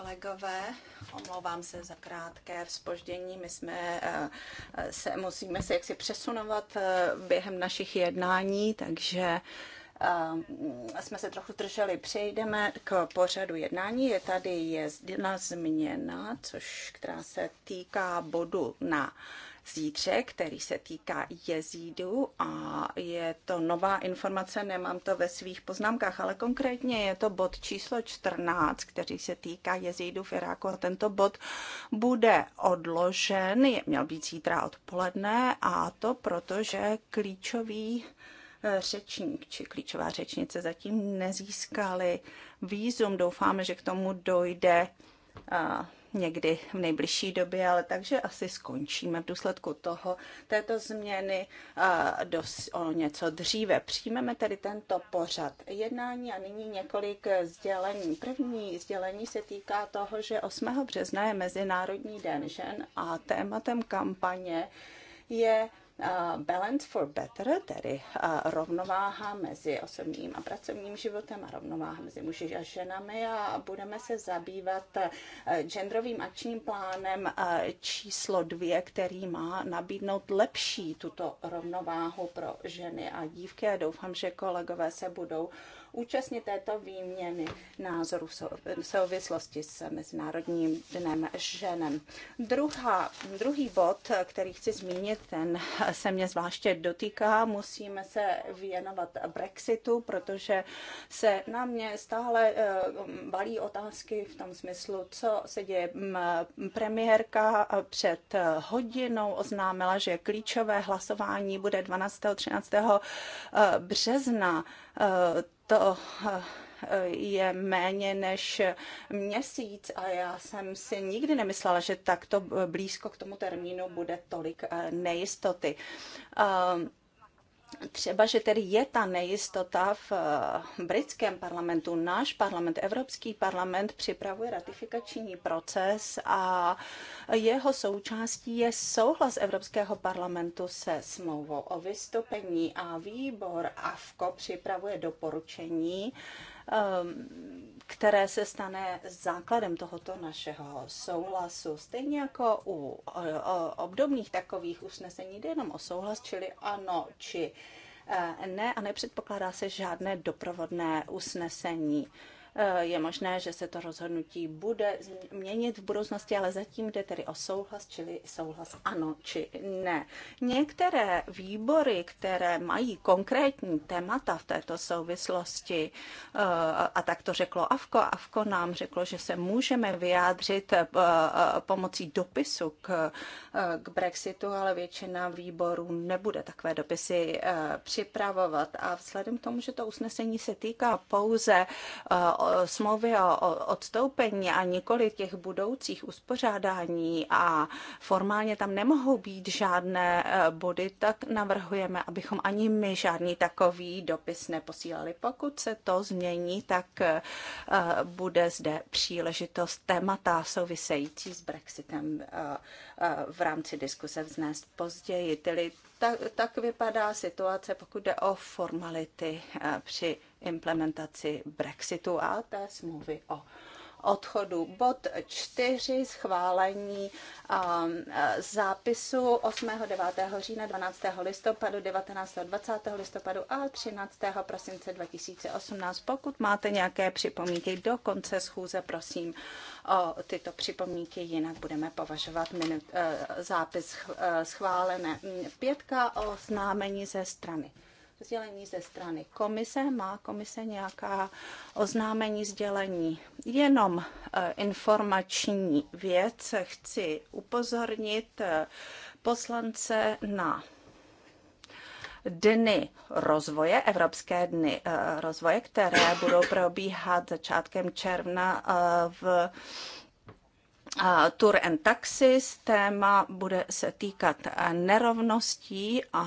kolegové, omlouvám se za krátké vzpoždění. My jsme eh, se, musíme se jaksi přesunovat eh, během našich jednání, takže eh, jsme se trochu drželi. Přejdeme k pořadu jednání. Je tady jedna změna, což, která se týká bodu na zítře, který se týká jezídu a je to nová informace, nemám to ve svých poznámkách, ale konkrétně je to bod číslo 14, který se týká jezídu v Iráku a tento bod bude odložen, je, měl být zítra odpoledne a to proto, že klíčový eh, řečník či klíčová řečnice zatím nezískali výzum. Doufáme, že k tomu dojde eh, někdy v nejbližší době, ale takže asi skončíme v důsledku toho, této změny dos, o něco dříve. Přijmeme tedy tento pořad jednání a nyní několik sdělení. První sdělení se týká toho, že 8. března je Mezinárodní den žen a tématem kampaně je balance for better, tedy rovnováha mezi osobním a pracovním životem a rovnováha mezi muži a ženami a budeme se zabývat e, genderovým akčním plánem e, číslo dvě, který má nabídnout lepší tuto rovnováhu pro ženy a dívky a doufám, že kolegové se budou účastnit této výměny názorů v souvislosti s Mezinárodním dnem ženem. Druhá, druhý bod, který chci zmínit, ten se mě zvláště dotýká. Musíme se věnovat Brexitu, protože se na mě stále balí eh, otázky v tom smyslu, co se děje. Premiérka před hodinou oznámila, že klíčové hlasování bude 12. 13. Eh, března eh, to eh, je méně než měsíc a já jsem si nikdy nemyslela, že takto blízko k tomu termínu bude tolik eh, nejistoty. Ehm, třeba, že tedy je ta nejistota v eh, britském parlamentu, náš parlament, Evropský parlament připravuje ratifikační proces a jeho součástí je souhlas Evropského parlamentu se smlouvou o vystoupení a výbor AFKO připravuje doporučení Um, které se stane základem tohoto našeho souhlasu. Stejně jako u obdobných takových usnesení, jde jenom o souhlas, čili ano či eh, ne a nepředpokládá se žádné doprovodné usnesení. Eh, je možné, že se to rozhodnutí bude měnit v budoucnosti, ale zatím jde tedy o souhlas, čili souhlas ano či ne. Některé výbory, které mají konkrétní témata v této souvislosti, eh, a tak to řeklo Avko, Avko nám řeklo, že se můžeme vyjádřit eh, pomocí dopisu k, k Brexitu, ale většina výborů nebude takové dopisy připravovat. A vzhledem k tomu, že to usnesení se týká pouze smlouvy o odstoupení a nikoli těch budoucích uspořádání a formálně tam nemohou být žádné eh, body, tak navrhujeme, abychom ani my žádný takový dopis neposílali. Pokud se to změní, tak eh, bude zde příležitost témata související s Brexitem eh, v rámci diskuse vznést později. Tedy tak, tak vypadá situace, pokud jde o formality při implementaci Brexitu a té smlouvy o odchodu. Bod 4 schválení um, zápisu 8. 9. října, 12. listopadu, 19. 20. listopadu a 13. prosince 2018. Pokud máte nějaké připomínky do konce schůze, prosím o tyto připomínky, jinak budeme považovat minut, uh, zápis uh, schválené. Pětka o známení ze strany sdělení ze strany komise. Má komise nějaká oznámení sdělení? Jenom eh, informační věc. Chci upozornit eh, poslance na dny rozvoje, Evropské dny eh, rozvoje, které budou probíhat začátkem června v Tour and Taxis. Téma bude se týkat eh, nerovností a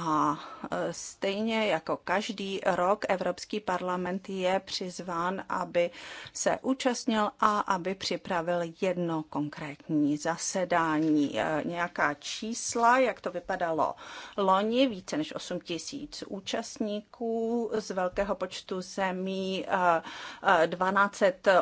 eh, stejně jako každý rok Evropský parlament je přizván, aby se účastnil a aby připravil jedno konkrétní zasedání. Eh, nějaká čísla, jak to vypadalo loni, více než 8 tisíc účastníků z velkého počtu zemí, 12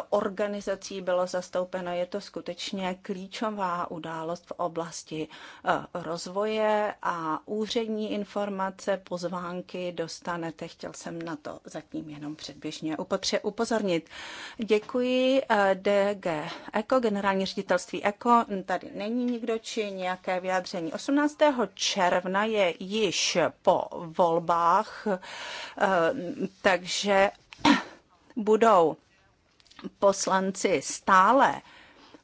organizací bylo zastoupeno, je to skutečně klíčová událost v oblasti eh, rozvoje a úřední informace, pozvánky dostanete. Chtěl jsem na to zatím jenom předběžně upozornit. Děkuji eh, DG Eko, generální ředitelství Eko. Tady není nikdo či nějaké vyjádření. 18. června je již po volbách, eh, takže budou poslanci stále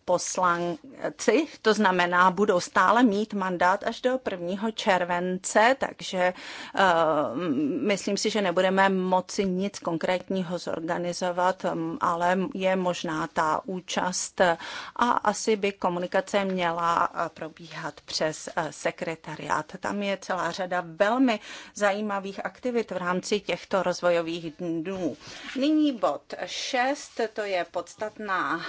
poslanci, to znamená, budou stále mít mandát až do 1. července, takže uh, myslím si, že nebudeme moci nic konkrétního zorganizovat, eh, ale je možná ta účast a asi by komunikace měla eh, probíhat přes sekretariát. Tam je celá řada velmi zajímavých aktivit v rámci těchto rozvojových dnů. Nyní bod 6, to je podstatná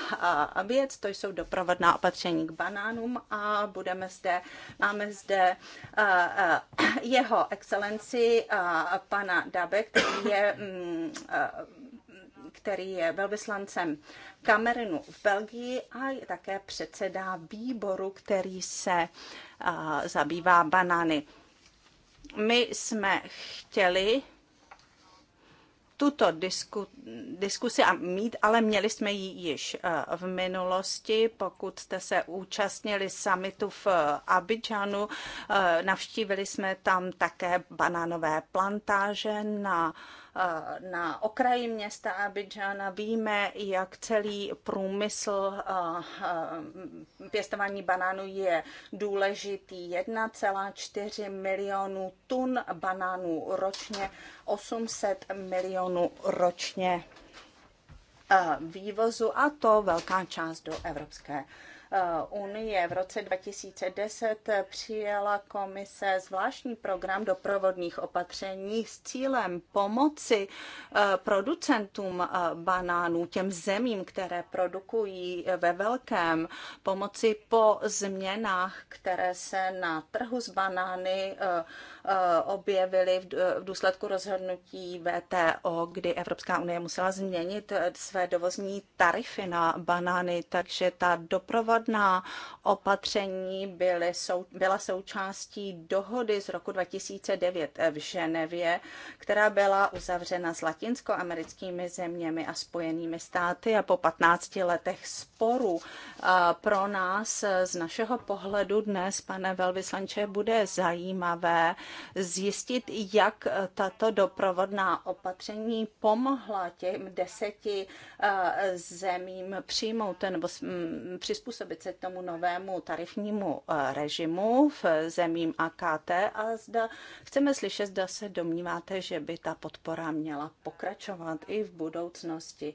věc, to jsou jsou doprovodná opatření k banánům a budeme zde, máme zde eh, eh, jeho excelenci eh, pana Dabe, který je mm, který je velvyslancem Kamerunu v Belgii a je také předseda výboru, který se zabývá banány. My jsme chtěli tuto disku, diskusi a mít, ale měli jsme ji již eh, v minulosti, pokud jste se účastnili samitu v eh, Abidžanu, eh, navštívili jsme tam také banánové plantáže na na okraji města Abidžana. Víme, jak celý průmysl pěstování banánů je důležitý. 1,4 milionů tun banánů ročně, 800 milionů ročně vývozu a to velká část do Evropské unie Eh, unie. V roce 2010 přijela komise zvláštní program doprovodných opatření s cílem pomoci eh, producentům eh, banánů, těm zemím, které produkují ve velkém, pomoci po změnách, které se na trhu s banány Eh, objevily v důsledku rozhodnutí VTO, kdy Evropská unie musela změnit eh, své dovozní tarify na banány, takže ta doprovodná opatření byly, sou, byla součástí dohody z roku 2009 v Ženevě, která byla uzavřena s latinskoamerickými zeměmi a spojenými státy a po 15 letech sporu eh, pro nás z našeho pohledu dnes, pane velvyslanče, bude zajímavé zjistit, jak tato doprovodná opatření pomohla těm deseti eh, zemím přijmout nebo přizpůsobit se tomu novému tarifnímu eh, režimu v zemím AKT a zda chceme slyšet, zda se domníváte, že by ta podpora měla pokračovat i v budoucnosti.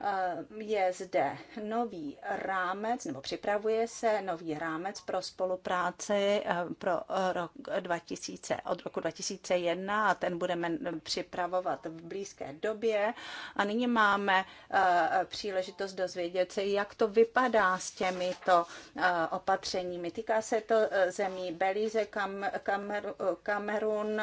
Ehm, je zde nový rámec, nebo připravuje se nový rámec pro spolupráci ehm, pro rok 2000, od roku 2001 a ten budeme připravovat v blízké době. A nyní máme ehm, příležitost dozvědět se, jak to vypadá s těmito opatřeními. Týká se to zemí Belize, Kamer, Kamerun,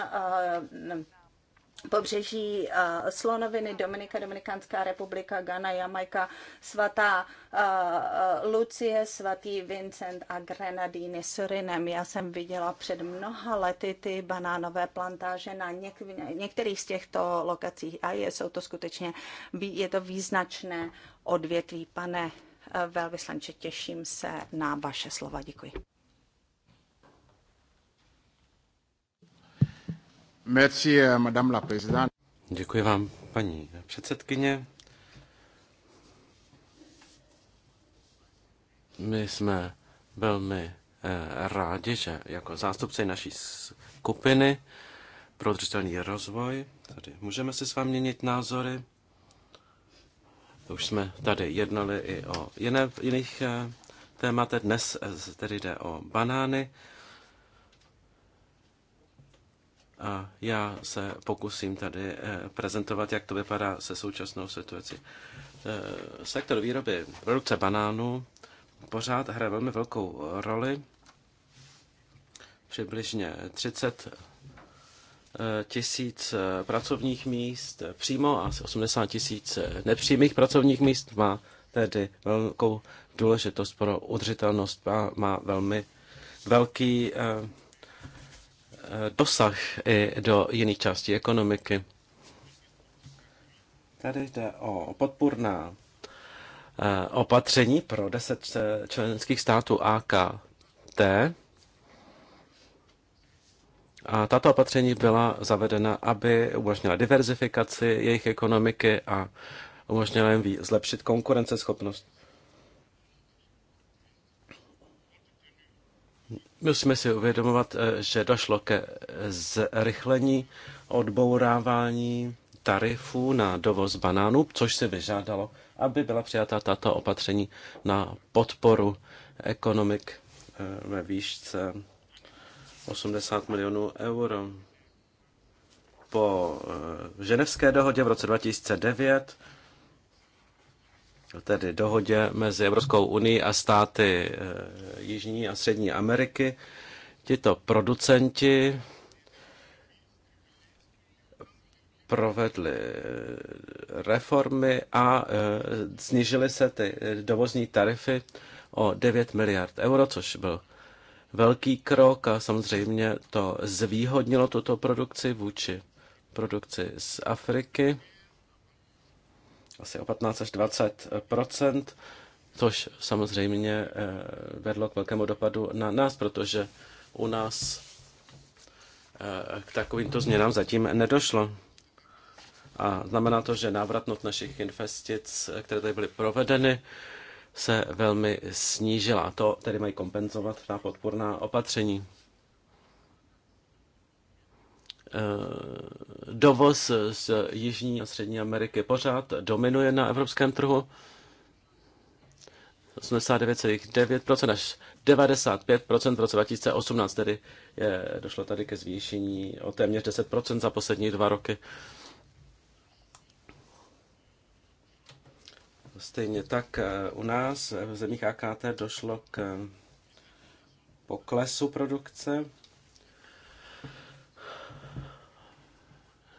pobřeží uh, Slonoviny, Dominika, Dominikánská republika, Ghana, Jamaika, svatá uh, Lucie, svatý Vincent a Grenadíny Surinem. Já jsem viděla před mnoha lety ty banánové plantáže na něk- některých z těchto lokací a je, jsou to skutečně, je to význačné odvětví. Pane velvyslanče, těším se na vaše slova. Děkuji. Merci, eh, madame la présidente. Děkuji vám, paní předsedkyně. My jsme velmi eh, rádi, že jako zástupci naší skupiny pro udržitelný rozvoj tady můžeme si s vámi měnit názory. Už jsme tady jednali i o jiné, jiných eh, tématech. Dnes tedy jde o banány A já se pokusím tady eh, prezentovat, jak to vypadá se současnou situací. Eh, sektor výroby produkce banánů pořád hraje velmi velkou roli. Přibližně 30 eh, tisíc pracovních míst přímo a 80 tisíc nepřímých pracovních míst má tedy velkou důležitost pro udržitelnost a má velmi velký Eh, dosah i do jiných částí ekonomiky. Tady jde o podpůrná eh, opatření pro deset členských států AKT. A tato opatření byla zavedena, aby umožnila diverzifikaci jejich ekonomiky a umožnila jim zlepšit konkurenceschopnost. Musíme si uvědomovat, eh, že došlo ke zrychlení odbourávání tarifů na dovoz banánů, což se vyžádalo, aby byla přijata tato opatření na podporu ekonomik eh, ve výšce 80 milionů euro. Po eh, ženevské dohodě v roce 2009 tedy dohodě mezi Evropskou unii a státy eh, Jižní a Střední Ameriky. Tito producenti provedli eh, reformy a eh, snížily se ty dovozní tarify o 9 miliard euro, což byl velký krok a samozřejmě to zvýhodnilo tuto produkci vůči produkci z Afriky asi o 15 až 20 což samozřejmě eh, vedlo k velkému dopadu na nás, protože u nás eh, k takovýmto změnám zatím nedošlo. A znamená to, že návratnost našich investic, které tady byly provedeny, se velmi snížila. To tedy mají kompenzovat ta podporná opatření. Eh, dovoz z Jižní a Střední Ameriky pořád dominuje na evropském trhu. 89,9% až 95% v roce 2018, tedy je, došlo tady ke zvýšení o téměř 10% za poslední dva roky. Stejně tak eh, u nás v zemích AKT došlo k poklesu produkce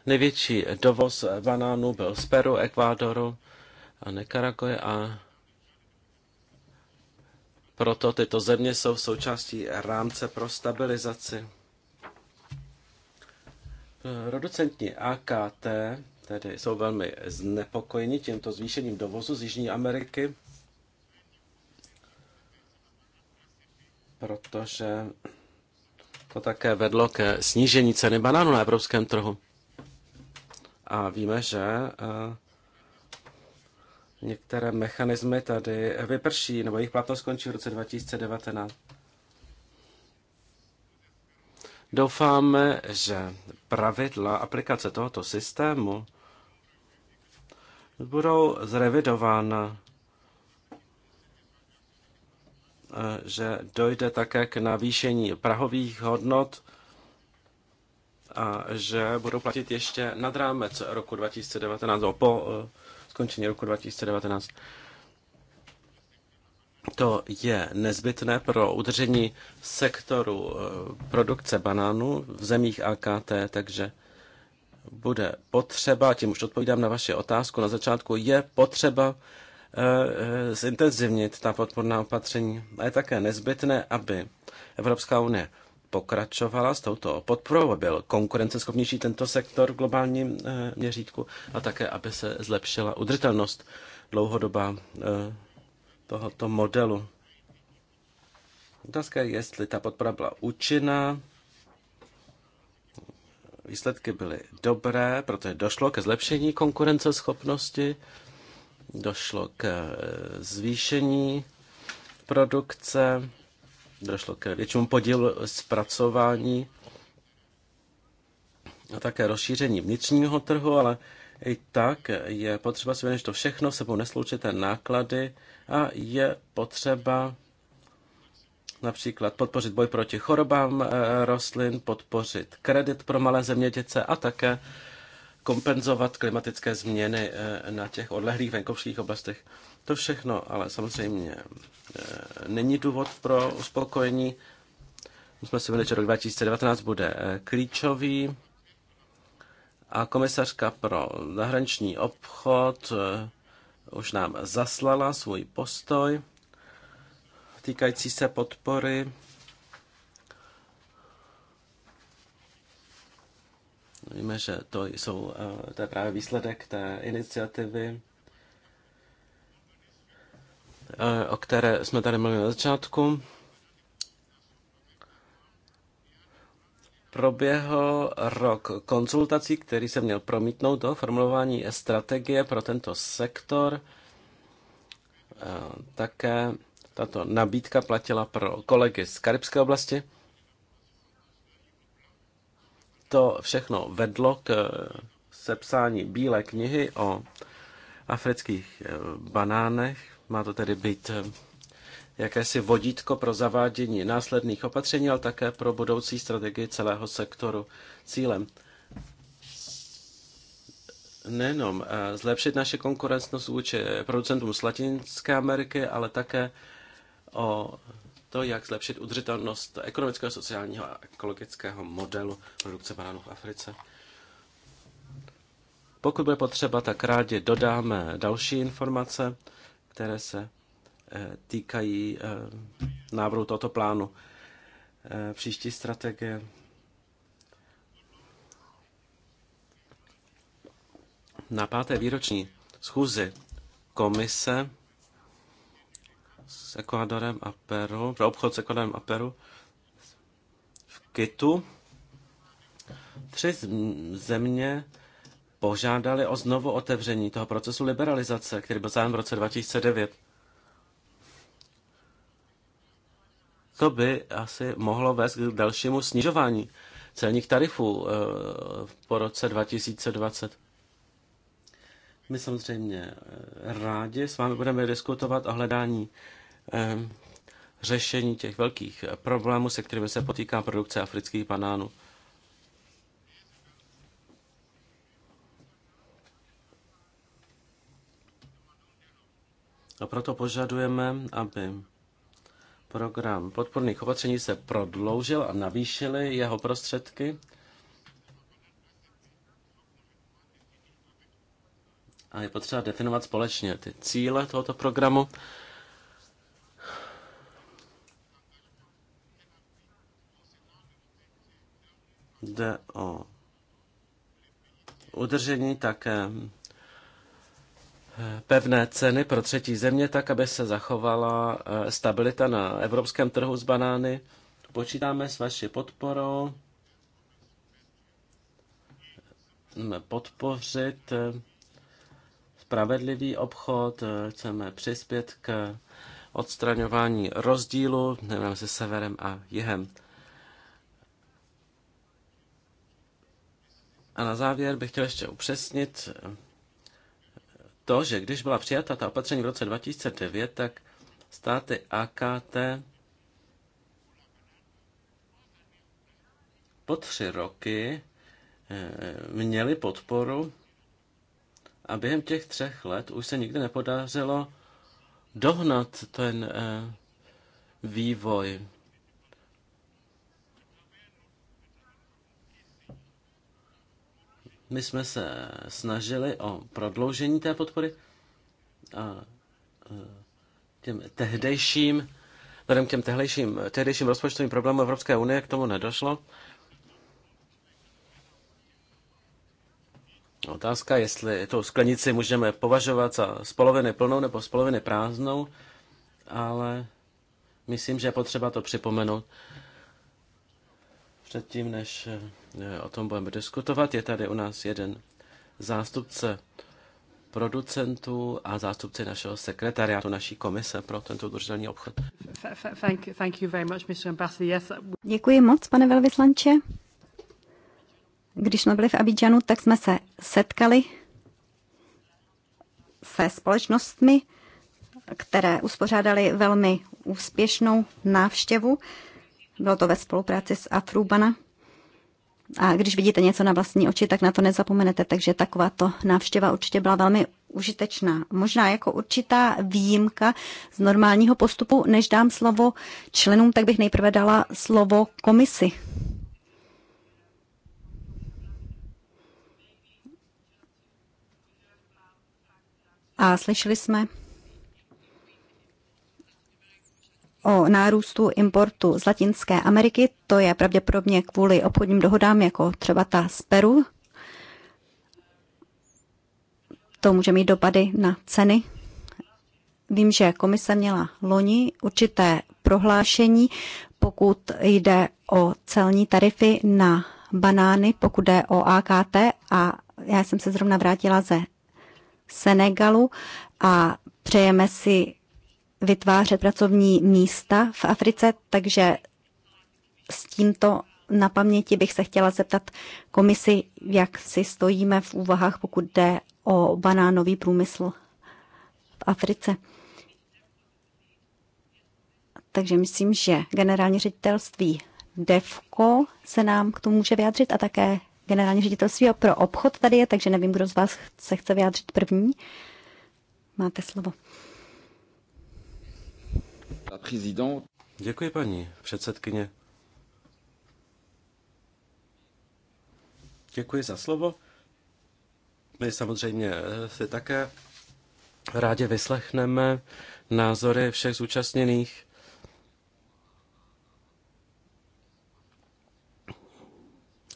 Největší dovoz banánů byl z Peru, Ekvádoru a Nekaragoje a proto tyto země jsou v součástí rámce pro stabilizaci. Producenti AKT tedy jsou velmi znepokojeni tímto zvýšením dovozu z Jižní Ameriky, protože to také vedlo ke snížení ceny banánů, na evropském trhu. A víme, že eh, některé mechanismy tady vyprší, nebo jejich platnost skončí v roce 2019. Doufáme, že pravidla aplikace tohoto systému budou zrevidována, eh, že dojde také k navýšení prahových hodnot že budou platit ještě nad rámec roku 2019, nebo po eh, skončení roku 2019. To je nezbytné pro udržení sektoru eh, produkce banánů v zemích AKT, takže bude potřeba, tím už odpovídám na vaši otázku na začátku, je potřeba eh, zintenzivnit ta podporná opatření. A je také nezbytné, aby Evropská unie pokračovala s touto podporou, aby byl konkurenceschopnější tento sektor v globálním eh, měřítku a také, aby se zlepšila udržitelnost dlouhodobá eh, tohoto modelu. Otázka je, jestli ta podpora byla účinná, výsledky byly dobré, protože došlo ke zlepšení konkurenceschopnosti, došlo k eh, zvýšení produkce, došlo k většímu podílu zpracování a také rozšíření vnitřního trhu, ale i tak je potřeba si vědět, že to všechno sebou nesloučité náklady a je potřeba například podpořit boj proti chorobám eh, rostlin, podpořit kredit pro malé zemědělce a také kompenzovat klimatické změny eh, na těch odlehlých venkovských oblastech. To všechno, ale samozřejmě eh, není důvod pro uspokojení. My jsme si měli, že rok 2019 bude eh, klíčový a komisařka pro zahraniční obchod eh, už nám zaslala svůj postoj týkající se podpory Víme, že to, jsou, to je právě výsledek té iniciativy Eh, o které jsme tady mluvili na začátku. Proběhl rok konzultací, který se měl promítnout do formulování strategie pro tento sektor. Eh, také tato nabídka platila pro kolegy z Karibské oblasti. To všechno vedlo k eh, sepsání bílé knihy o afrických banánech má to tedy být eh, jakési vodítko pro zavádění následných opatření, ale také pro budoucí strategii celého sektoru cílem. Nejenom eh, zlepšit naše konkurencenost vůči producentům z Latinské Ameriky, ale také o to, jak zlepšit udržitelnost ekonomického, sociálního a ekologického modelu produkce banánů v Africe. Pokud bude potřeba, tak rádi dodáme další informace které se eh, týkají eh, návrhu tohoto plánu. Eh, příští strategie na páté výroční schůzi komise s Ekvadorem a Peru, pro obchod s Ekvadorem a Peru v Kitu. Tři země požádali o znovu otevření toho procesu liberalizace, který byl zájem v roce 2009. To by asi mohlo vést k dalšímu snižování celních tarifů eh, po roce 2020. My samozřejmě eh, rádi s vámi budeme diskutovat o hledání eh, řešení těch velkých problémů, se kterými se potýká produkce afrických banánů. A proto požadujeme, aby program podporných opatření se prodloužil a navýšily jeho prostředky. A je potřeba definovat společně ty cíle tohoto programu. Jde o udržení také pevné ceny pro třetí země, tak aby se zachovala eh, stabilita na evropském trhu s banány. Počítáme s vaší podporou podpořit eh, spravedlivý obchod, eh, chceme přispět k odstraňování rozdílu se severem a jihem. A na závěr bych chtěl ještě upřesnit to, že když byla přijata ta opatření v roce 2009, tak státy AKT po tři roky eh, měli podporu a během těch třech let už se nikdy nepodařilo dohnat ten eh, vývoj My jsme se snažili o prodloužení té podpory a e, těm tehdejším, vzhledem k těm tehdejším, tehdejším rozpočtovým problémům Evropské unie k tomu nedošlo. Otázka, jestli tu sklenici můžeme považovat za z poloviny plnou nebo z poloviny prázdnou, ale myslím, že je potřeba to připomenout předtím, než o tom budeme diskutovat. Je tady u nás jeden zástupce producentů a zástupce našeho sekretariátu, naší komise pro tento udržitelný obchod. Děkuji moc, pane velvyslanče. Když jsme byli v Abidžanu, tak jsme se setkali se společnostmi, které uspořádali velmi úspěšnou návštěvu. Bylo to ve spolupráci s Afrubana. A když vidíte něco na vlastní oči, tak na to nezapomenete, takže taková to návštěva určitě byla velmi užitečná. Možná jako určitá výjimka z normálního postupu, než dám slovo členům, tak bych nejprve dala slovo komisi. A slyšeli jsme o nárůstu importu z Latinské Ameriky. To je pravděpodobně kvůli obchodním dohodám, jako třeba ta z Peru. To může mít dopady na ceny. Vím, že komise měla loni určité prohlášení, pokud jde o celní tarify na banány, pokud jde o AKT a já jsem se zrovna vrátila ze Senegalu a přejeme si vytvářet pracovní místa v Africe, takže s tímto na paměti bych se chtěla zeptat komisi, jak si stojíme v úvahách, pokud jde o banánový průmysl v Africe. Takže myslím, že generální ředitelství DEVKO se nám k tomu může vyjádřit a také generální ředitelství pro obchod tady je, takže nevím, kdo z vás se chce vyjádřit první. Máte slovo. Děkuji, paní předsedkyně. Děkuji za slovo. My samozřejmě si také rádi vyslechneme názory všech zúčastněných.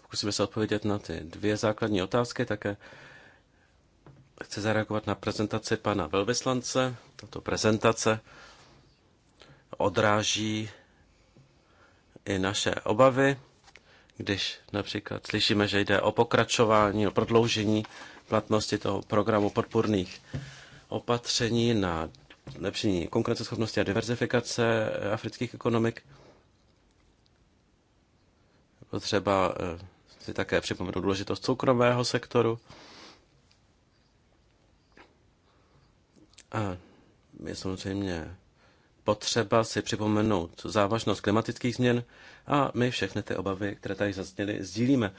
Pokusíme se odpovědět na ty dvě základní otázky. Také chci zareagovat na prezentaci pana velvyslance. Tato prezentace odráží i naše obavy, když například slyšíme, že jde o pokračování, o prodloužení platnosti toho programu podpůrných opatření na lepšení konkurenceschopnosti a diverzifikace afrických ekonomik. Potřeba eh, si také připomenout důležitost soukromého sektoru. A my samozřejmě potřeba si připomenout závažnost klimatických změn a my všechny ty obavy, které tady zazněly, sdílíme.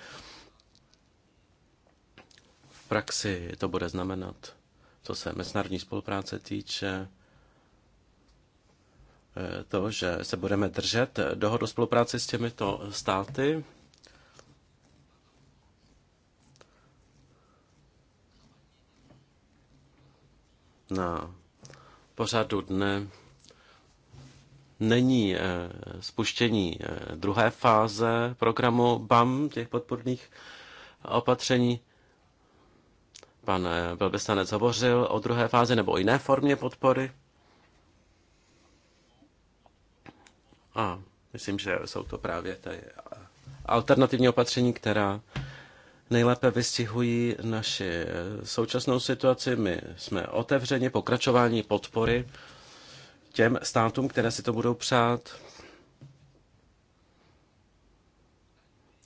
V praxi to bude znamenat, co se mezinárodní spolupráce týče, eh, to, že se budeme držet dohod spolupráce, spolupráci s těmito státy. Na pořadu dne není eh, spuštění eh, druhé fáze programu BAM, těch podporných opatření. Pan Belbestanec eh, hovořil o druhé fázi nebo o jiné formě podpory. A myslím, že jsou to právě ty alternativní opatření, která nejlépe vystihují naši současnou situaci. My jsme otevřeni pokračování podpory těm státům, které si to budou přát.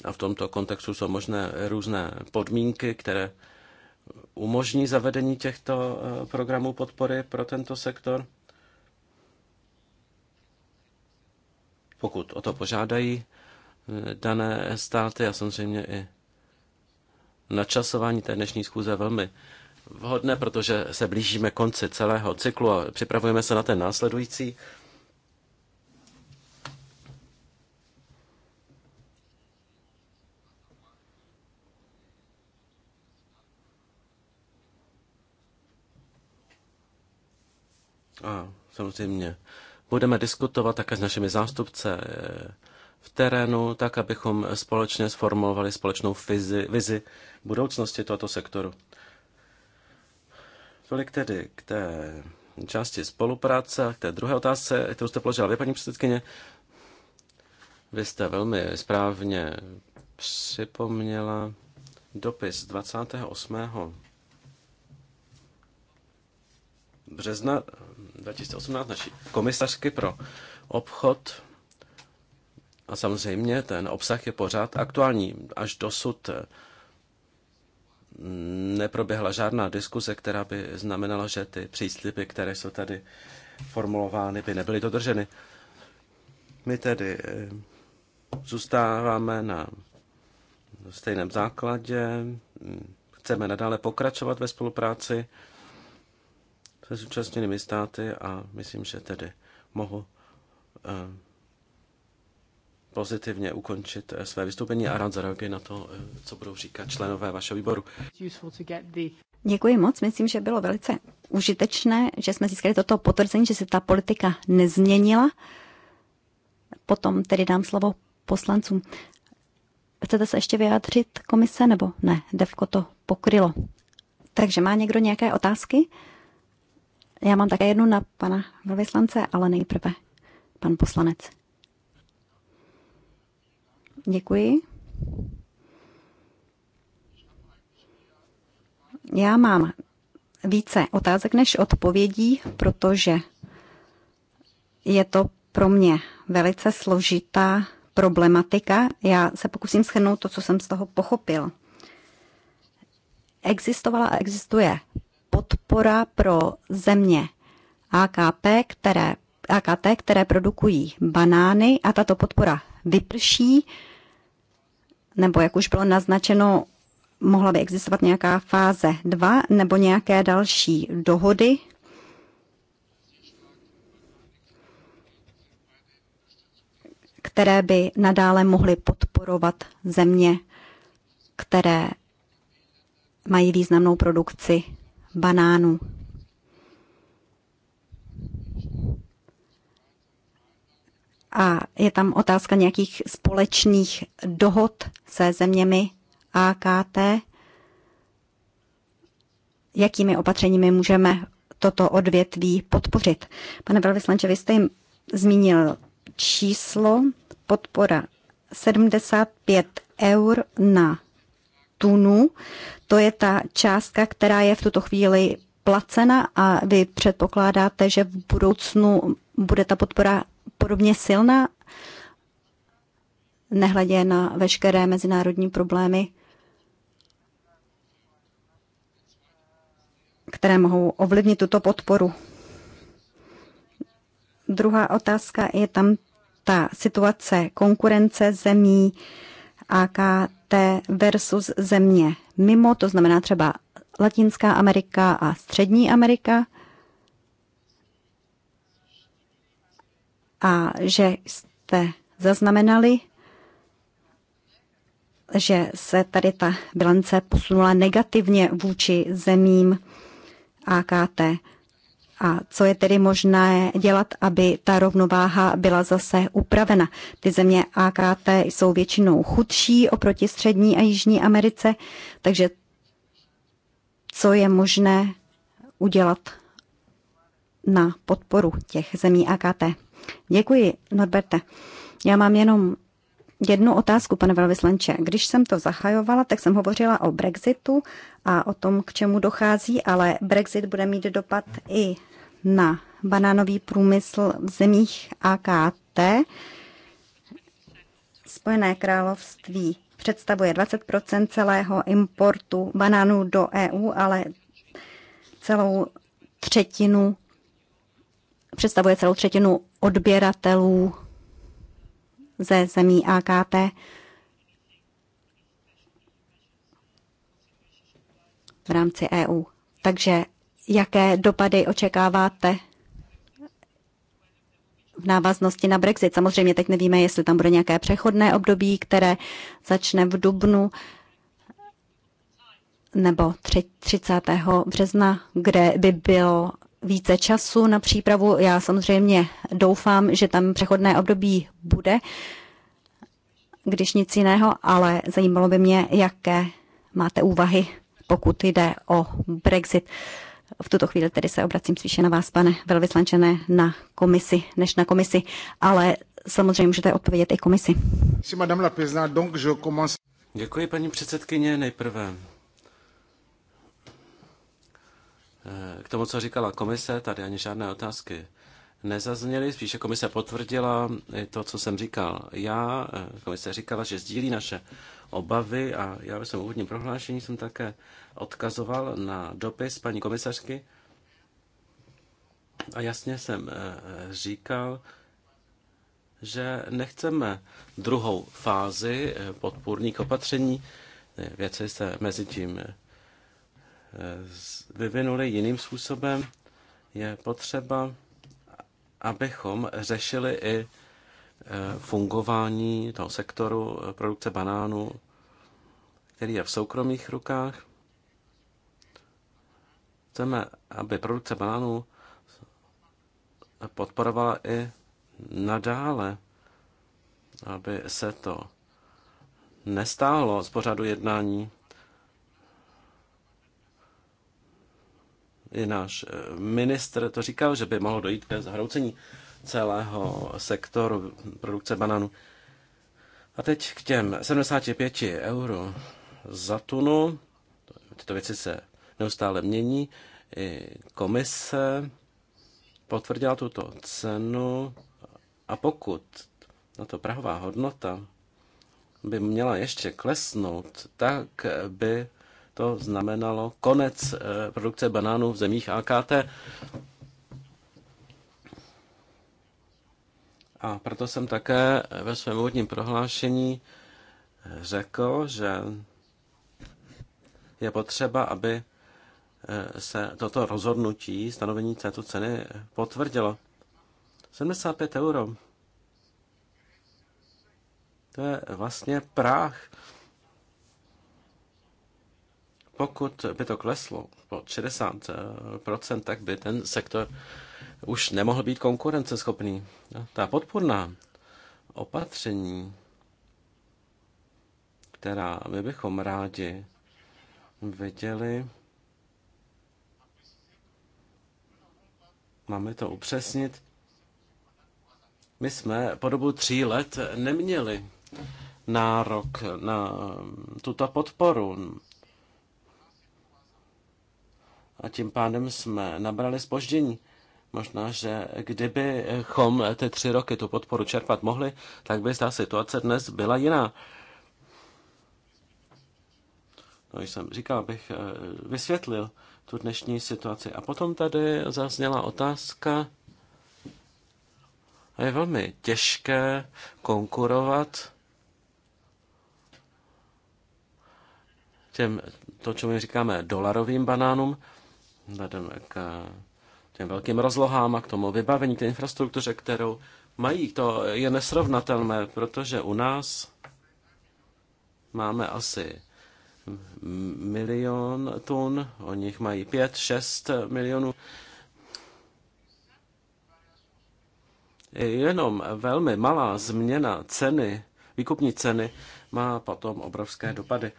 A v tomto kontextu jsou možné různé podmínky, které umožní zavedení těchto eh, programů podpory pro tento sektor. Pokud o to požádají eh, dané státy a samozřejmě i načasování té dnešní schůze velmi vhodné, protože se blížíme konci celého cyklu a připravujeme se na ten následující. A samozřejmě budeme diskutovat také s našimi zástupce eh, v terénu, tak abychom společně sformulovali společnou vizi, vizi budoucnosti tohoto sektoru. Tolik tedy k té části spolupráce a k té druhé otázce, kterou jste položila vy, paní předsedkyně. Vy jste velmi správně připomněla dopis 28. března 2018 naší komisařky pro obchod. A samozřejmě ten obsah je pořád aktuální. Až dosud neproběhla žádná diskuze, která by znamenala, že ty přísliby, které jsou tady formulovány, by nebyly dodrženy. My tedy eh, zůstáváme na stejném základě, chceme nadále pokračovat ve spolupráci se zúčastněnými státy a myslím, že tedy mohu eh, pozitivně ukončit eh, své vystoupení a rád zareaguji na to, eh, co budou říkat členové vašeho výboru. Děkuji moc. Myslím, že bylo velice užitečné, že jsme získali toto potvrzení, že se ta politika nezměnila. Potom tedy dám slovo poslancům. Chcete se ještě vyjádřit komise nebo ne? Devko to pokrylo. Takže má někdo nějaké otázky? Já mám také jednu na pana velvyslance, ale nejprve pan poslanec. Děkuji. Já mám více otázek než odpovědí, protože je to pro mě velice složitá problematika. Já se pokusím schrnout to, co jsem z toho pochopil. Existovala a existuje podpora pro země AKP, které, AKT, které produkují banány a tato podpora vyprší nebo jak už bylo naznačeno, mohla by existovat nějaká fáze 2 nebo nějaké další dohody. které by nadále mohly podporovat země, které mají významnou produkci banánů. a je tam otázka nějakých společných dohod se zeměmi AKT. Jakými opatřeními můžeme toto odvětví podpořit? Pane velvyslanče, vy jste jim zmínil číslo podpora 75 eur na tunu. To je ta částka, která je v tuto chvíli placena a vy předpokládáte, že v budoucnu bude ta podpora podobně silná, nehledě na veškeré mezinárodní problémy, které mohou ovlivnit tuto podporu. Druhá otázka je tam ta situace konkurence zemí AKT versus země mimo, to znamená třeba Latinská Amerika a Střední Amerika – a že jste zaznamenali, že se tady ta bilance posunula negativně vůči zemím AKT. A co je tedy možné dělat, aby ta rovnováha byla zase upravena? Ty země AKT jsou většinou chudší oproti Střední a Jižní Americe, takže co je možné udělat na podporu těch zemí AKT? Děkuji, Norberte. Já mám jenom jednu otázku, pane velvyslanče. Když jsem to zahajovala, tak jsem hovořila o Brexitu a o tom, k čemu dochází, ale Brexit bude mít dopad i na banánový průmysl v zemích AKT. Spojené království představuje 20 celého importu banánů do EU, ale celou třetinu představuje celou třetinu odběratelů ze zemí AKT. v rámci EU. Takže jaké dopady očekáváte v návaznosti na Brexit? Samozřejmě teď nevíme, jestli tam bude nějaké přechodné období, které začne v dubnu nebo 30. března, kde by bylo více času na přípravu. Já samozřejmě doufám, že tam přechodné období bude, když nic jiného, ale zajímalo by mě, jaké máte úvahy, pokud jde o Brexit. V tuto chvíli tedy se obracím spíše na vás, pane velvyslančené, na komisi, než na komisi, ale samozřejmě můžete odpovědět i komisi. Děkuji, paní předsedkyně. Nejprve K tomu, co říkala komise, tady ani žádné otázky nezazněly, spíše komise potvrdila to, co jsem říkal. Já, komise říkala, že sdílí naše obavy a já ve svém úvodním prohlášení jsem také odkazoval na dopis paní komisařky a jasně jsem eh, říkal, že nechceme druhou fázi eh, podpůrných opatření. Věci se mezi tím eh, Eh, vyvinuli jiným způsobem, je potřeba, abychom řešili i eh, fungování toho sektoru eh, produkce banánů, který je v soukromých rukách. Chceme, aby produkce banánů podporovala i nadále, aby se to nestálo z pořadu jednání. i náš eh, ministr to říkal, že by mohlo dojít ke zhroucení celého sektoru produkce bananů. A teď k těm 75 euro za tunu. Tyto věci se neustále mění. I komise potvrdila tuto cenu a pokud na to prahová hodnota by měla ještě klesnout, tak by to znamenalo konec eh, produkce banánů v zemích AKT. A proto jsem také eh, ve svém úvodním prohlášení eh, řekl, že je potřeba, aby se toto rozhodnutí stanovení této ceny potvrdilo. 75 euro. To je vlastně práh pokud by to kleslo po 60%, tak by ten sektor už nemohl být konkurenceschopný. Ta podporná opatření, která my bychom rádi viděli, máme to upřesnit, my jsme po dobu tří let neměli nárok na tuto podporu a tím pádem jsme nabrali spoždění. Možná, že kdybychom ty tři roky tu podporu čerpat mohli, tak by ta situace dnes byla jiná. No, jsem říkal, abych eh, vysvětlil tu dnešní situaci. A potom tady zazněla otázka, a je velmi těžké konkurovat těm, to, čemu říkáme, dolarovým banánům, vzhledem k eh, těm velkým rozlohám a k tomu vybavení té infrastruktuře, kterou mají. To je nesrovnatelné, protože u nás máme asi milion tun, o nich mají pět, šest milionů. Jenom velmi malá změna ceny, výkupní ceny, má potom obrovské dopady.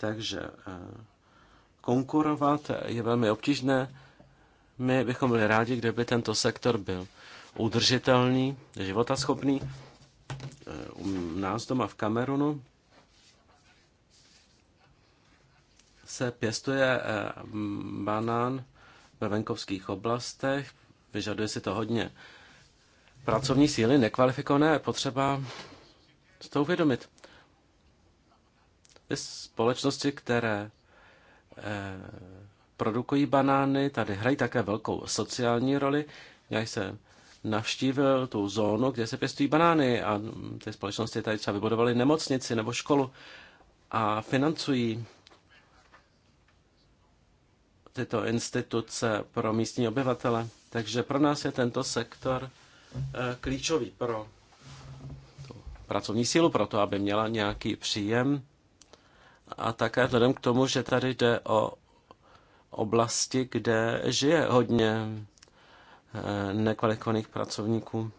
Takže eh, konkurovat je velmi obtížné. My bychom byli rádi, kdyby tento sektor byl udržitelný, životaschopný. Eh, u nás doma v Kamerunu se pěstuje eh, banán ve venkovských oblastech. Vyžaduje si to hodně pracovní síly, nekvalifikované, potřeba to uvědomit společnosti, které eh, produkují banány, tady hrají také velkou sociální roli. Já jsem navštívil tu zónu, kde se pěstují banány a ty společnosti tady třeba vybudovaly nemocnici nebo školu a financují tyto instituce pro místní obyvatele. Takže pro nás je tento sektor eh, klíčový pro tu pracovní sílu, pro to, aby měla nějaký příjem a také vzhledem k tomu, že tady jde o oblasti, kde žije hodně eh, nekvalifikovaných pracovníků.